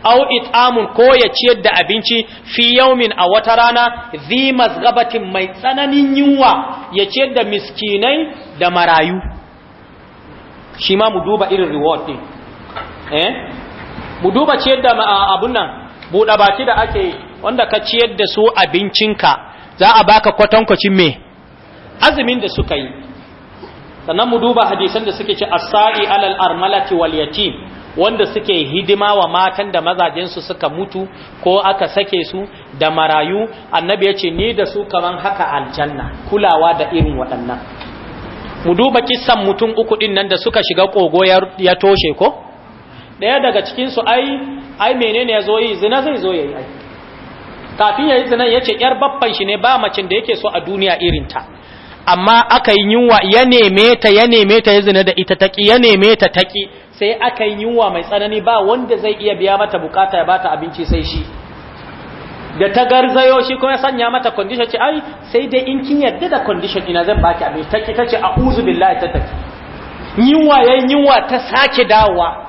au it'amun ko ya ciyar da abinci fi yaumin a wata rana zimas gabatin mai tsananin yunwa ya ciyar da miskinai da marayu. Shi ma mu duba irin reward ɗin. Eh? Mu duba ciyar da abun nan, buɗa baki da ake yi, wanda ka ciyar da su abincinka, za a baka kwatankwacin me? Azumin da suka yi. sannan mu duba hadisan da suke ce asa'i alal armalati wal yatim wanda suke hidima wa matan da mazajensu suka mutu ko aka sake su da marayu annabi ya ce ni da su kaman haka aljanna kulawa da irin waɗannan mu duba kissan mutum uku ɗin nan da suka shiga kogo ya toshe ko ɗaya daga cikinsu ai ai menene ya zo yi zina zai zo ya ai kafin ya yi zinan ya ce ‘yar babban shi ne ba macin da yake so a duniya irinta’ amma aka yi yunwa ya neme ta ya neme ta ya zina da ita taƙi ya neme ta taƙi sai aka yi yunwa mai tsanani ba wanda zai iya biya mata bukata ya bata abinci sai shi da ta garzayo shi kuma ya sanya mata condition ce ai sai dai in kin yarda da condition ina zan baki abinci taƙi ta ce uzu billahi ta taƙi yunwa yayin yunwa ta sake dawowa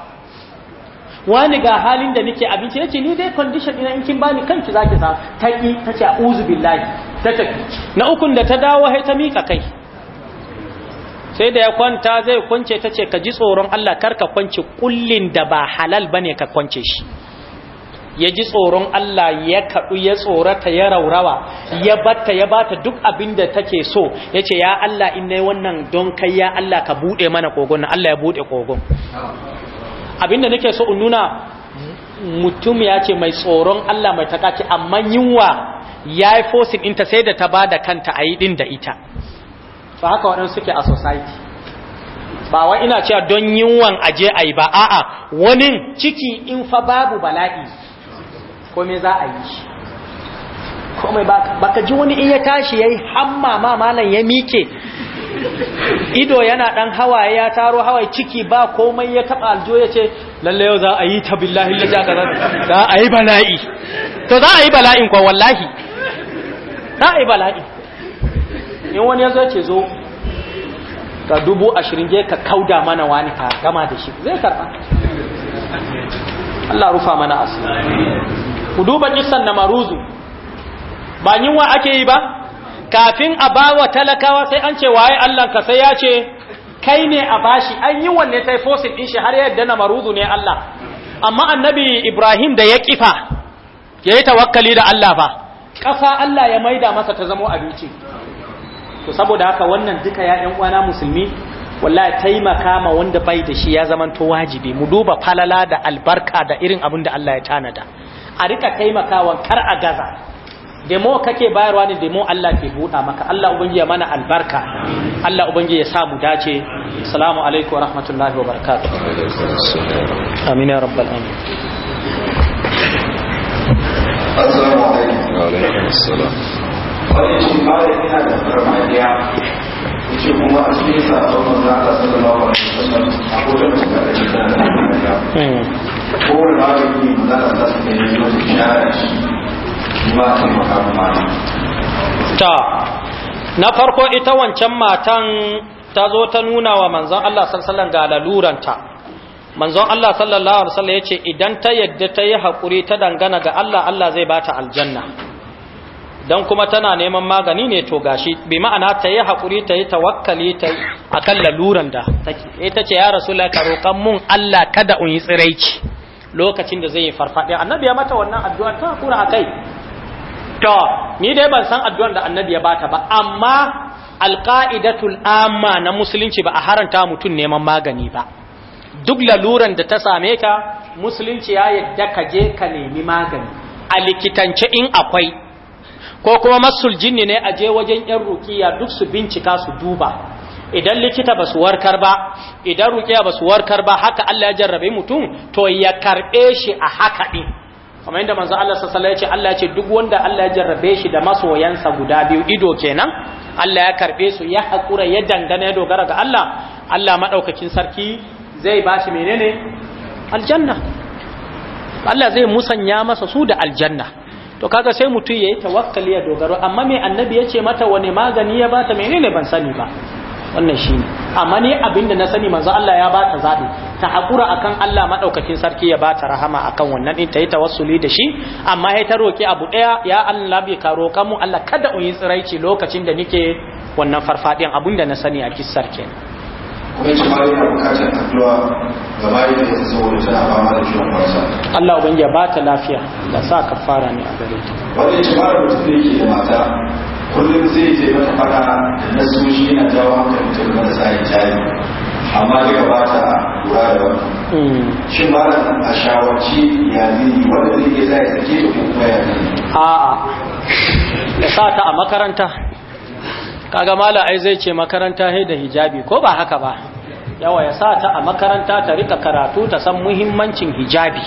wani ga halin da nake abinci yace ni dai condition ina in kin bani kanki zaki sa ta ki tace a'udhu billahi ta tafi na ukun da ta dawo sai ta mika kai sai da ya kwanta zai kwance ta ce ka ji tsoron Allah kar ka kwance kullin da ba halal bane ka kwance shi ya ji tsoron Allah ya kaɗu ya tsorata ya raurawa ya batta ya bata duk abin da take so ya ce ya Allah in nayi wannan don kai ya Allah ka buɗe mana kogon Allah ya buɗe kogon abinda nake so in nuna mutum ya ce mai tsoron Allah mai takaki amma yinwa ya yi fosin inta sai da ta ba da kanta a yi ɗin da ita ba haka waɗansu suke a society ba wa ina cewa don yinwan aje a yi ba a'a wani ciki in fa babu bala'i kome za a yi shi kome ba ka ji wani iya tashi ya yi hamma ma malam ya mike ido yana dan hawaye ya taro hawaye ciki ba komai ya taba aljo ya ce lalle yau za a yi ta billahi laja kaza za a yi bala'i to za a yi bala'in kwa wallahi za a yi bala'i in wani ya zo ce zo ka dubu ashirin je ka kauda mana wani ka gama da shi zai karba Allah rufa mana asiri ku duba kisan na maruzu ba wa ake yi ba kafin a ba wa talakawa sai an ce waye Allah ka sai ya ce kai ne a bashi an yi wanne sai fosin din shi har yadda na maruzu ne Allah amma annabi Ibrahim da ya kifa ya yi tawakkali da Allah ba ƙasa Allah ya maida masa ta zamo abinci to saboda haka wannan duka ya ƴan uwana musulmi wallahi taimaka ma wanda bai da shi ya zamanto wajibi mu duba falala da albarka da irin abin da Allah ya tanada a rika taimakawa kar a gaza demo kake bayarwa ne demo Allah ke buɗa maka Allah ubangi ya mana albarka Allah ubangi ya sa mu dace assalamu alaikum wa rahmatullahi wa barakatuh amin ya rabbal alamin assalamu alaikum wa alaikum assalam wani shi da farmadiya yace kuma a cikin da take da hmm. ko wani ta na farko ita wancan matan ta zo ta nuna wa manzon Allah sallallahu ga laluranta manzon Allah sallallahu alaihi wasallam yace idan ta yadda ta yi hakuri ta dangana ga Allah Allah zai bata aljanna dan kuma tana neman magani ne to gashi bi ma'ana ta yi haƙuri ta yi tawakkali ta akan laluran da ita ce ya rasu ka roƙan mun Allah kada in yi tsiraici lokacin da zai yi farfaɗe annabi ya mata wannan addu'a ta kura a to ni dai ban san addu'an da annabi ya bata ba amma alqaidatul amma na musulunci ba a haranta mutun neman magani ba duk laluran da ta same ka musulunci ya yadda ka je ka nemi magani a likitance in akwai ko kuma masul jinni ne a je wajen yan ruqiya duk su bincika su duba idan likita ba su warkar ba idan ruqiya ba su warkar ba haka Allah ya jarrabe mutum to ya karbe shi a haka din kamar inda manzo Allah sallallahu alaihi wasallam Allah ya ce duk wanda Allah ya jarrabe shi da masoyansa guda biyu ido kenan Allah ya karbe su ya hakura ya dangana ya dogara ga Allah Allah madaukakin sarki zai ba shi menene aljanna Allah zai musanya masa su da aljanna to kaga sai mutum yayi tawakkali ya dogaro amma mai annabi ya ce mata wani magani ya bata menene ban sani ba wannan shi ne amma ni abinda na sani manzo Allah ya ba ta zaɓi ta hakura akan Allah maɗaukakin sarki ya ba ta rahama akan wannan in ta yi tawassuli da shi amma sai ta roƙi abu ɗaya ya Allah bai ka mu Allah kada uyi yi tsiraici lokacin da nike wannan farfadin abinda na sani a kissar kenan. Allah ubangiya ya ba ta lafiya da sa kafara ne a gare ta. wannan jama'a da ne da mata kullum zai je mata fada na soshi yana jawo hankali ta marasa ya jari amma daga ba ta lura da ba mm. shin ba a shawarci ya zini wanda zai ke sa ya da kuma ya a'a ya sa ta a makaranta kaga mala ai zai ce makaranta hai da hijabi ko ba haka ba yawa ya sa ta a makaranta ta rika karatu ta san muhimmancin hijabi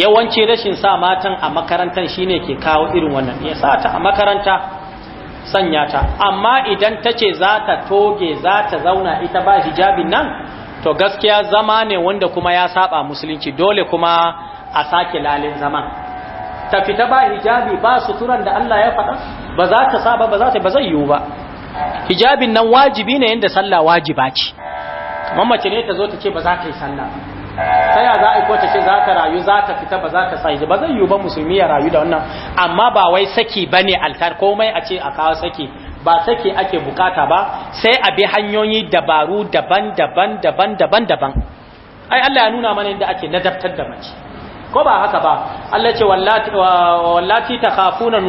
yawanci rashin sa matan a makarantar shine ke kawo irin wannan ya sa ta a makaranta sanya ta amma idan ta ce za ta toge za ta zauna ita ba hijabin nan to gaskiya zama ne wanda kuma ya saba musulunci dole kuma a sake lalin zaman ta fita ba hijabi ba suturan da Allah ya faɗa ba za ta saba ba za ta ba zai yiwu ba hijabin nan wajibi ne yadda sallah wajiba ce kamar ne ta zo ta ce ba za ta yi sallah ta ya za a yi kwace ce za ka rayu za ka fita ba za ka sai ba zai yiwu ba musulmi ya rayu da wannan amma ba wai saki ba ne alkar komai a ce a kawo saki ba saki ake bukata ba sai a bi hanyoyi dabaru daban-daban daban-daban daban ai Allah ya nuna mana yadda ake ladabtar da mace ko ba haka ba Allah ce wallati takhafuna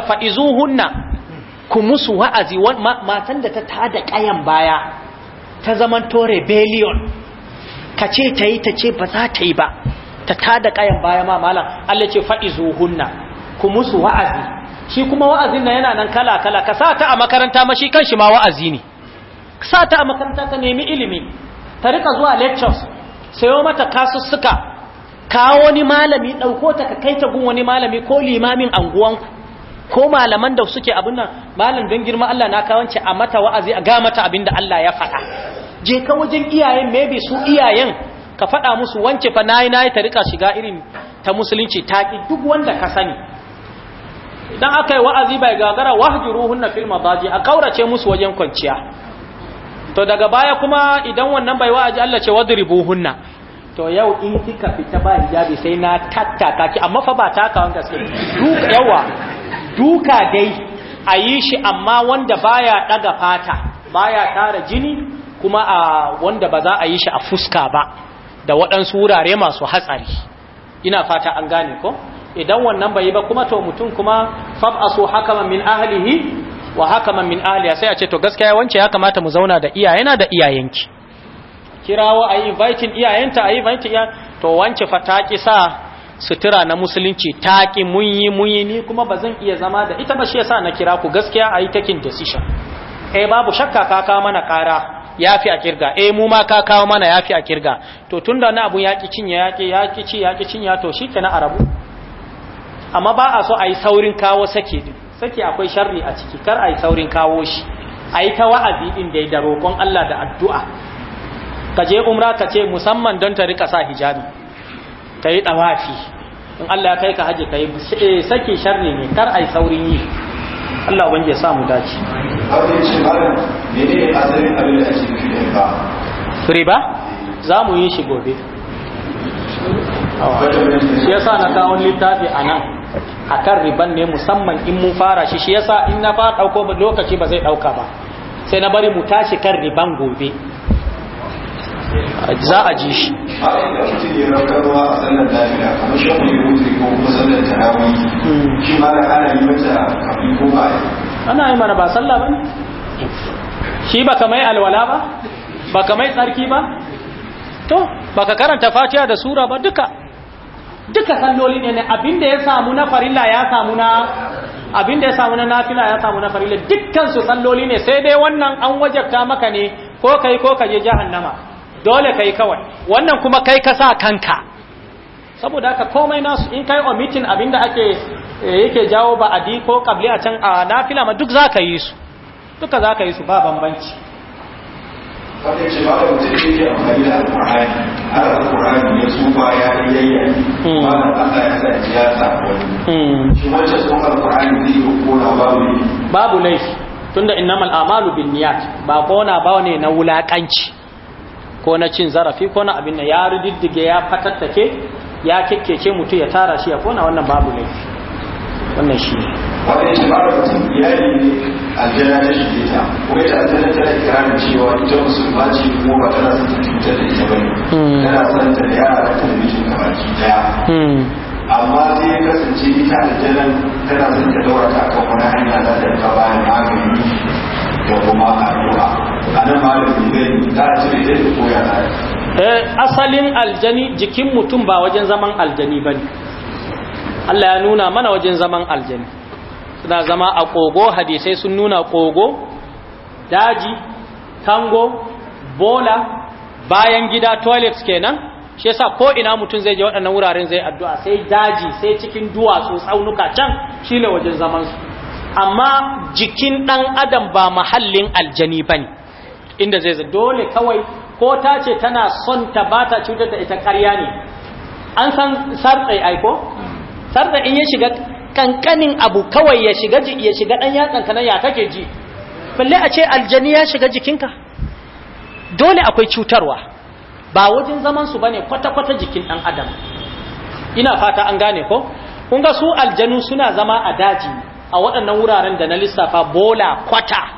fa'izu hunna ku musu wa'azi matan da ta tada kayan baya ta zaman tore rebellion ka ce ta yi ta ce ba za ta yi ba ta tada kayan baya ma malam Allah ce zuhunna. ku musu wa'azi shi kuma wa'azin nan yana nan kala kala ka sa ta a makaranta ma shi kanshi ma wa'azi ne ka sa ta a makaranta ka nemi ilimi ta rika zuwa lectures sayo mata kasussuka kawo wani malami dauko ta ka kai ta gun wani malami ko limamin anguwan ko malaman da suke abin nan malam don girma Allah na kawance a mata wa'azi a ga mata abin da Allah ya faɗa je ka wajen iyayen maybe su iyayen ka faɗa musu wance fa nayi nayi ta rika shiga irin ta musulunci taƙi duk wanda ka sani idan aka yi wa'azi bai gagara wahjuruhunna fil madaji a kaurace musu wajen kwanciya to daga baya kuma idan wannan bai wa'azi Allah ce wadribuhunna to yau in kika fita ba hijabi sai na tattaka ki amma fa ba takawan gaske duka yawa duka dai a yi shi amma wanda baya daga fata baya tara jini kuma a wanda ba za a yi shi a fuska ba da waɗansu wurare masu hatsari ina fata an gane ko idan wannan bai yi ba kuma to mutum kuma fab'asu hakaman min ahlihi wa hakaman min ahliya sai a ce to gaskiya wance ya kamata mu zauna da iyayena da iyayenki kirawo a inviting iyayenta a yi inviting ya to wance fa ta ki sa sutura na musulunci ta ki mun yi mun yi ni kuma bazan iya zama da ita ba shi yasa na kira ku gaskiya a yi taking decision eh babu shakka ka ka mana kara ya fi a kirga eh mu ma ka kawo mana yafi a kirga to tunda da wani abu ya ki cinye ya ki ya ci ya ki cinye to shi kenan a rabu amma ba a so a yi saurin kawo sake din sake akwai sharri a ciki kar a yi saurin kawo shi a yi ta wa'azi din da da roƙon Allah da addu'a ka je umra ka ce musamman don ta rika sa hijabi ka yi ɗawafi in Allah ya kai ka haji ka yi eh, sake sharri ne kar a yi saurin yi Allah wanda ya samu dace riba za mu yi shi gobe shi yasa na kawo littafi a nan a kan riban ne musamman in mun fara shi shi yasa in na fara ɗauko lokaci ba zai ɗauka ba sai na bari mu tashi kan riban gobe za a ji shi shi ana yi mana ba sallah ba ne shi ba ka mai alwala ba ba ka mai tsarki ba to ba ka karanta Fatiya da sura ba duka duka salloli ne abinda ya samu na farilla ya samu na abinda ya samu na nafila ya samu na farilla dukkan su salloli ne sai dai wannan an wajabta maka ne ko kai ko ka je jahannama dole kai kawai wannan kuma kai ka sa kanka saboda haka komai nasu in kai omitin abinda ake eh, yake jawo ba adi ko kabli a can a nafila ma duk zaka yi su duka zaka yi su ba bambanci babu laifi tunda innamal amalu bin niyat ba kona ba ne na wulakanci ko na cin zarafi ko na abin da ya rididdige ya fatattake ya kekkece mutu ya tara shi ya kona wannan babu ne wannan shi Wani shi ba da mutum iyali ne aljanna ta shige ta ko ita aljanna tana ikirarin cewa ita musulma ce ko ba tana son ta cutar da ita bane hmm. tana son ta da yara ta da mijin gabaki daya hmm. amma sai ya kasance ita aljanna tana son ta daura ta akan wani hanya za ta rika bayan magani da kuma addu'a Eh, asalin aljani jikin mutum ba wajen zaman aljani ba Allah ya nuna mana wajen zaman aljani suna zama a kogo hadisai sun nuna kogo daji tango bola bayan gida toilets kenan shi yasa ko ina mutum zai je waɗannan wuraren zai addu'a sai daji sai cikin duwatsu tsaunuka can shine wajen zaman su amma jikin ɗan adam ba mahallin aljani bane inda zai zai dole kawai ko ta ce tana son ta ba ta cutar da ita karya ne an san sartsai aiko sartsai in ya shiga kankanin abu kawai ya shiga ya shiga dan yatsan ya kake ji balle a ce aljani ya shiga jikinka dole akwai cutarwa ba wajen zaman su bane kwata-kwata jikin ɗan adam ina fata an gane ko kun ga su aljanu suna zama a daji a waɗannan wuraren da na lissafa bola kwata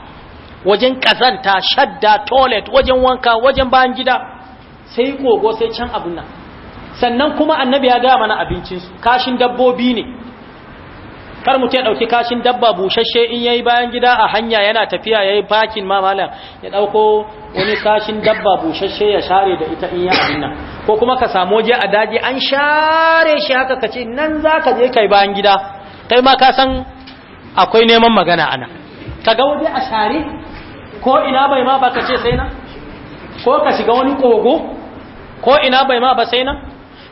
wajen kazanta shadda toilet wajen wanka wajen bayan gida sai kogo sai can abin nan sannan kuma annabi ya gaya mana abincinsu kashin dabbobi ne kar mu ce dauki kashin dabba bushashe in yayi bayan gida a hanya yana tafiya yayi bakin ma ya ɗauko wani kashin dabba bushashe ya share da ita in ya abin nan ko kuma ka samu waje a daji an share shi haka ka ce nan za ka je kai bayan gida kai ma ka san akwai neman magana ana kaga waje a share ko ina bai ma ba ka ce sai na ko ka shiga wani kogo ko ina bai ma ba sai na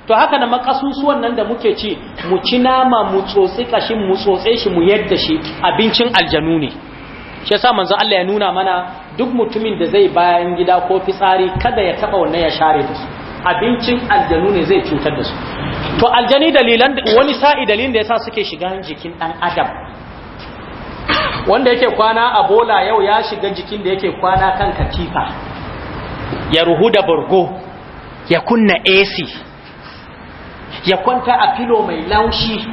to haka da makasusuwan nan da muke ci mu ci nama mu tsotsi kashin mu tsotse shi mu yadda shi abincin aljanu ne shi yasa manzo Allah ya nuna mana duk mutumin da zai bayan gida ko fitsari kada ya taba wannan ya share da su abincin aljanu ne zai cutar da su to aljani dalilan wani sa'i dalilin da yasa suke shiga jikin dan adam wanda yake kwana a bola yau ya shiga jikin da yake kwana kan katifa ya ruhu da burgo ya kunna AC ya kwanta a filo mai laushi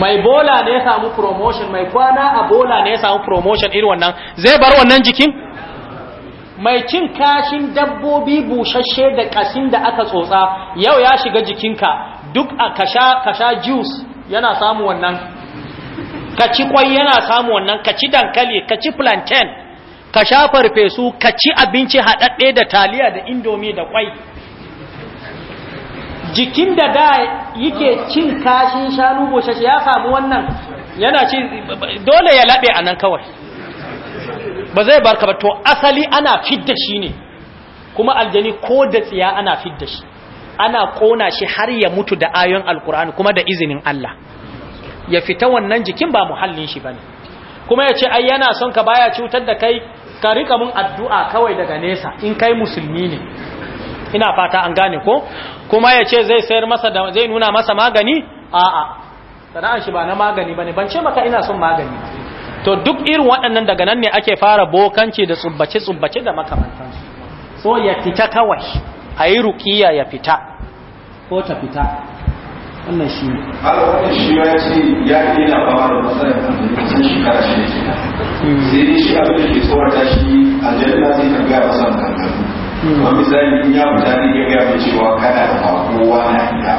mai bola ne ya samu promotion mai kwana a bola ne ya samu promotion irin wannan zai bar wannan jikin mai cin kashin dabbobi bushashe da kasin da aka tsotsa yau ya shiga jikinka duk a kasha kasha juice yana samu wannan ka ci kwai yana samu wannan ka ci dankali ka ci plantain ka sha farfesu ka ci abinci haɗaɗɗe da taliya da indomi da kwai jikin da da yake cin kashin shanu bushashe ya samu wannan yana ci dole ya laɓe a nan kawai ba zai barka ba to asali ana fidda shi ne kuma aljani ko da tsiya ana fidda shi ana kona shi har ya mutu da ayon alkur'ani kuma da izinin Allah ya fita wannan jikin ba muhallin shi bane kuma ya ce ai yana son ka baya cutar da kai ka rika mun addu'a kawai daga nesa in kai musulmi ne ina fata an gane ko kuma ya ce zai sayar masa da zai nuna masa magani a'a sana'an shi ba na magani bane ban ce maka ina son magani to duk irin waɗannan daga nan ne ake fara bokanci da tsubbace tsubbace da makamantan so ya fita kawai ayi yi ya fita ko ta fita wannan shi ne wani shi ya ce ya yi na fama da masu da sun shekara shi ne hmm. sai dai shi abin da ke tsorata shi aljanna zai ka gaya wasan kankan kuma misali in ya fita ne ya gaya mai cewa kana da kowa na ita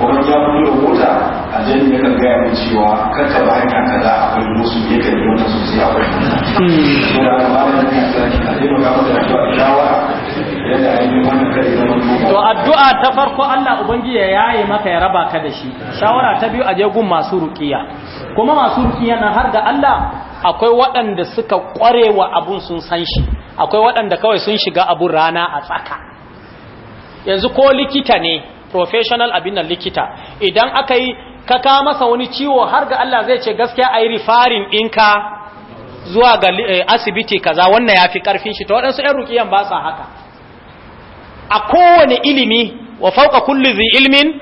kuma ya fito da mota aljanna ya kan gaya mai cewa kan ka ba hanya kaza kan musu ya kan yi wata sosai akwai mota. Hmm. Kuma da alamarin ya sa ki a taimaka mata da cewa shawara to addu'a ta farko Allah ubangiji ya yaye maka ya raba ka da shi shawara ta biyu aje gun masu ruqiya kuma masu ruqiya na har da Allah akwai waɗanda suka ƙwarewa abun sun san shi akwai waɗanda kawai sun shiga abun rana a tsaka yanzu ko likita ne professional abin nan likita idan aka yi ka ka masa wani ciwo har ga Allah zai ce gaskiya ayi rifarin ka zuwa ga eh, asibiti kaza wannan ya fi ƙarfin shi ta waɗansu 'yan ruqiyan ba sa haka a kowane ilimi wa fauka kulli zai ilmin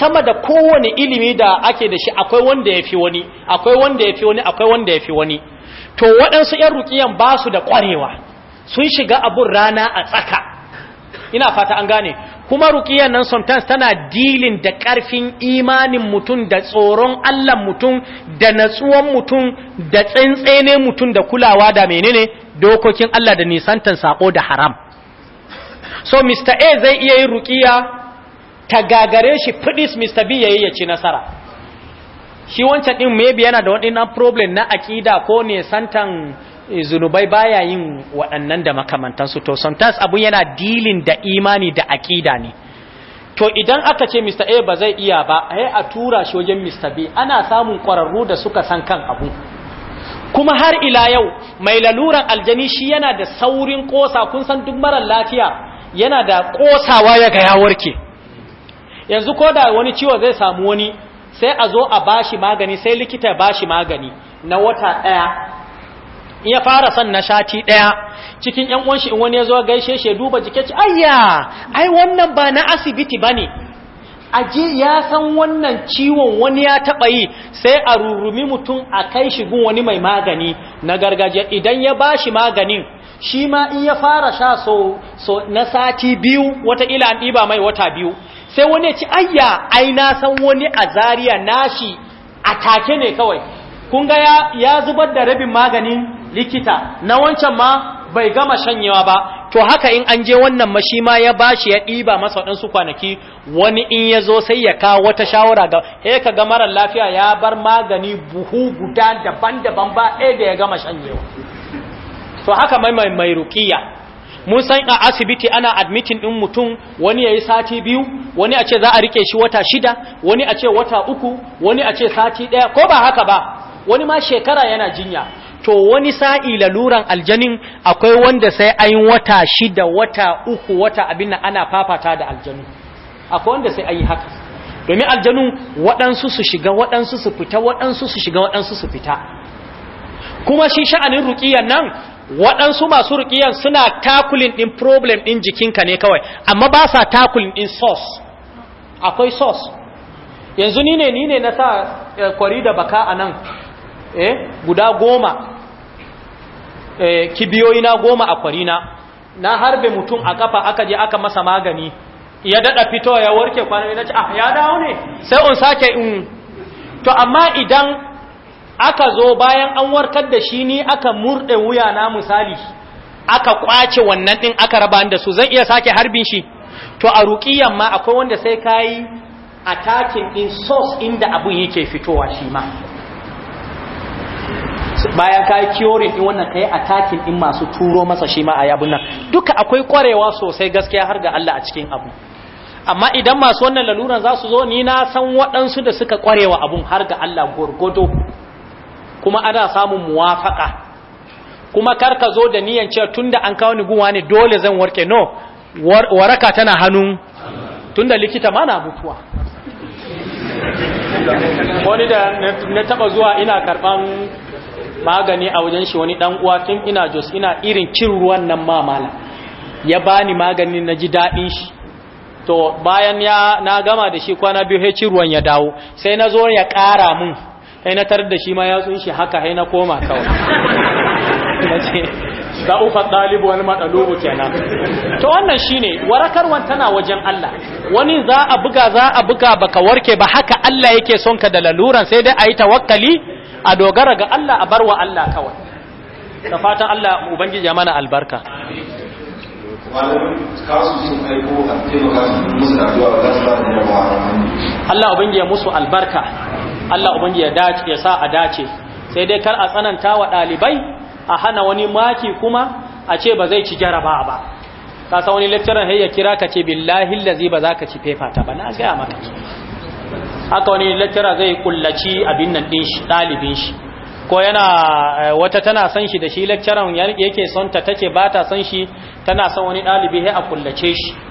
sama da kowane ilimi da ake da shi akwai wanda ya fi wani akwai wanda ya fi wani akwai wanda ya fi wani to waɗansu ‘yan rukiyan ba su da ƙwarewa sun shiga abun rana a tsaka ina fata an gane kuma rukiyan nan sometimes tana dilin da ƙarfin imanin mutum da tsoron allan mutum da natsuwan mutum da tsantsene mutum da kulawa da menene dokokin allah da nisantan sako da haram so mr a zai iya yin rukiya ta gagare shi fidis mr b yi ya ci nasara shi wancan ɗin maybe yana da waɗannan problem na akida ko ne santan eh, zunubai baya yin waɗannan da makamantansu to sometimes abu yana dilin da imani da akida ne to idan aka ce Mr. A ba zai iya ba sai a tura shi wajen Mr. B ana samun ƙwararru da suka san kan abu kuma har ila yau mai laluran aljani shi yana da saurin ƙosa kun san duk marar lafiya yana da kosawa ya ga ya warke yanzu ko da wani ciwo zai samu wani sai a zo a bashi magani sai likita ya bashi magani na wata ɗaya ya fara son na shati ɗaya cikin ‘yan uwanshi in wani ya zo gaishe shi duba jike ci ayya ai wannan ba na asibiti bane ne aji ya san wannan ciwon wani ya taɓa yi sai a rurumi mutum a kai shi gun wani mai magani na gargajiya idan ya ba shi maganin shi ma in ya fara sha so, na sati biyu wataƙila an ɗiba mai wata biyu sai wani ya ci ayya ai na san wani a zariya nashi a take ne kawai kun ga ya, zubar da rabin maganin likita na wancan ma bai gama shanyewa ba to haka in an je wannan ma shi ma ya bashi ya ɗiba masa waɗansu kwanaki wani in yazo sai ya kawo wata shawara ga he ka ga marar lafiya ya bar magani buhu guda daban-daban ba ɗaya da ya gama shanyewa to haka mai mai mai rukiya mun san a asibiti ana admitin din mutum wani yayi sati biyu wani a ce za a rike shi wata shida wani a ce wata uku wani a ce sati daya ko ba haka ba wani ma shekara yana jinya to wani sa'i laluran aljanin akwai wanda sai ayi wata shida wata uku wata abin nan ana fafata da aljanu akwai wanda sai ayi yi haka domin aljanun waɗansu su shiga waɗansu su fita waɗansu su shiga waɗansu su fita kuma shi sha'anin ruƙiyan nan waɗansu masu rukiyan suna takulin ɗin problem ɗin jikinka ne kawai amma ba sa takulin ɗin sauce akwai sauce yanzu ni ne ni ne na sa eh, kwari da baka a nan eh guda goma eh kibiyoyi na goma a kwari na na harbe mutum a kafa aka je aka masa magani ya daɗa fito ya warke kwanan na ce ah ya dawo ne sai on sake in to amma idan aka zo bayan an warkar da shi ni aka murɗe wuya na misali aka kwace wannan ɗin aka raba da su zan iya sake harbin shi to a ruƙiyan ma akwai wanda sai ka yi attacking in source inda abin yake fitowa shi ma bayan ka yi curing in wannan ka yi attacking in masu turo masa shi ma a yabin nan duka akwai kwarewa sosai gaskiya har ga Allah a cikin abu amma idan masu wannan laluran za su zo ni na san waɗansu da suka kwarewa abun har ga Allah gorgodo kuma ana samun muwafaka kuma kar ka zo da niyan cewa tunda an kawo ni guwa ne dole zan warke no waraka tana hannun tunda likita ma na mutuwa wani da na taba zuwa ina karban magani a wajen shi wani dan uwa tun ina jos ina irin cin ruwan nan ma mala ya bani magani na ji daɗin shi to bayan ya na gama da shi kwana biyu he ruwan ya dawo sai na zo ya ƙara mun na tarar da shi ma ya tsun shi haka na koma kawai da ufa dalibu wani madalubu kenan to wannan shine warakarwan tana wajen Allah wani za a buga za a buga baka warke ba haka Allah yake son ka da laluran sai dai a ayi tawakkali a dogara ga Allah a barwa Allah kawai da fatan Allah ubangiji mana albarka malamin kasu sun aiko a taimaka su musu da zuwa da su da yawa Allah ubangi ya musu albarka Allah ubangi ya dace ya sa a dace sai dai kar a tsananta wa dalibai a hana wani maki kuma a ce ba zai ci jaraba ba ka sa wani lecturer hayya kira ka ce billahi allazi ba za ka ci paper ta ba na ga maka haka wani lecturer zai kullaci abin nan din shi dalibin shi ko yana eh, wata tana son shi da shi lecturer yake son ta tace ba ta son shi tana son wani dalibi sai a kullace shi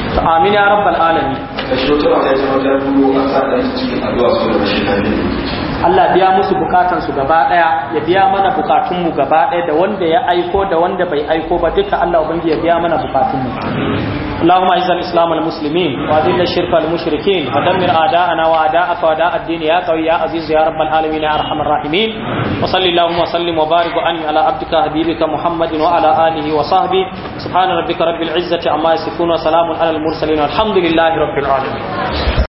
amin ya rabbal alamin Allah biya musu bukatan su gaba daya ya biya mana bukatunmu mu gaba daya da wanda ya aiko da wanda bai aiko ba duka Allah ubangi ya biya mana bukatunmu. mu Allahumma izzal islam al muslimin wa shirka al mushrikin wa dammir a'da'ana wa ada'a wa ada'a ad-din ya qawi ya aziz ya rabbal alamin ya arhamar rahimin wa sallallahu wa sallim wa barik wa anni ala abdika habibika muhammadin ala alihi wa sahbihi subhana rabbika rabbil izzati amma yasifun wa salamun ala al المرسلين والحمد لله رب العالمين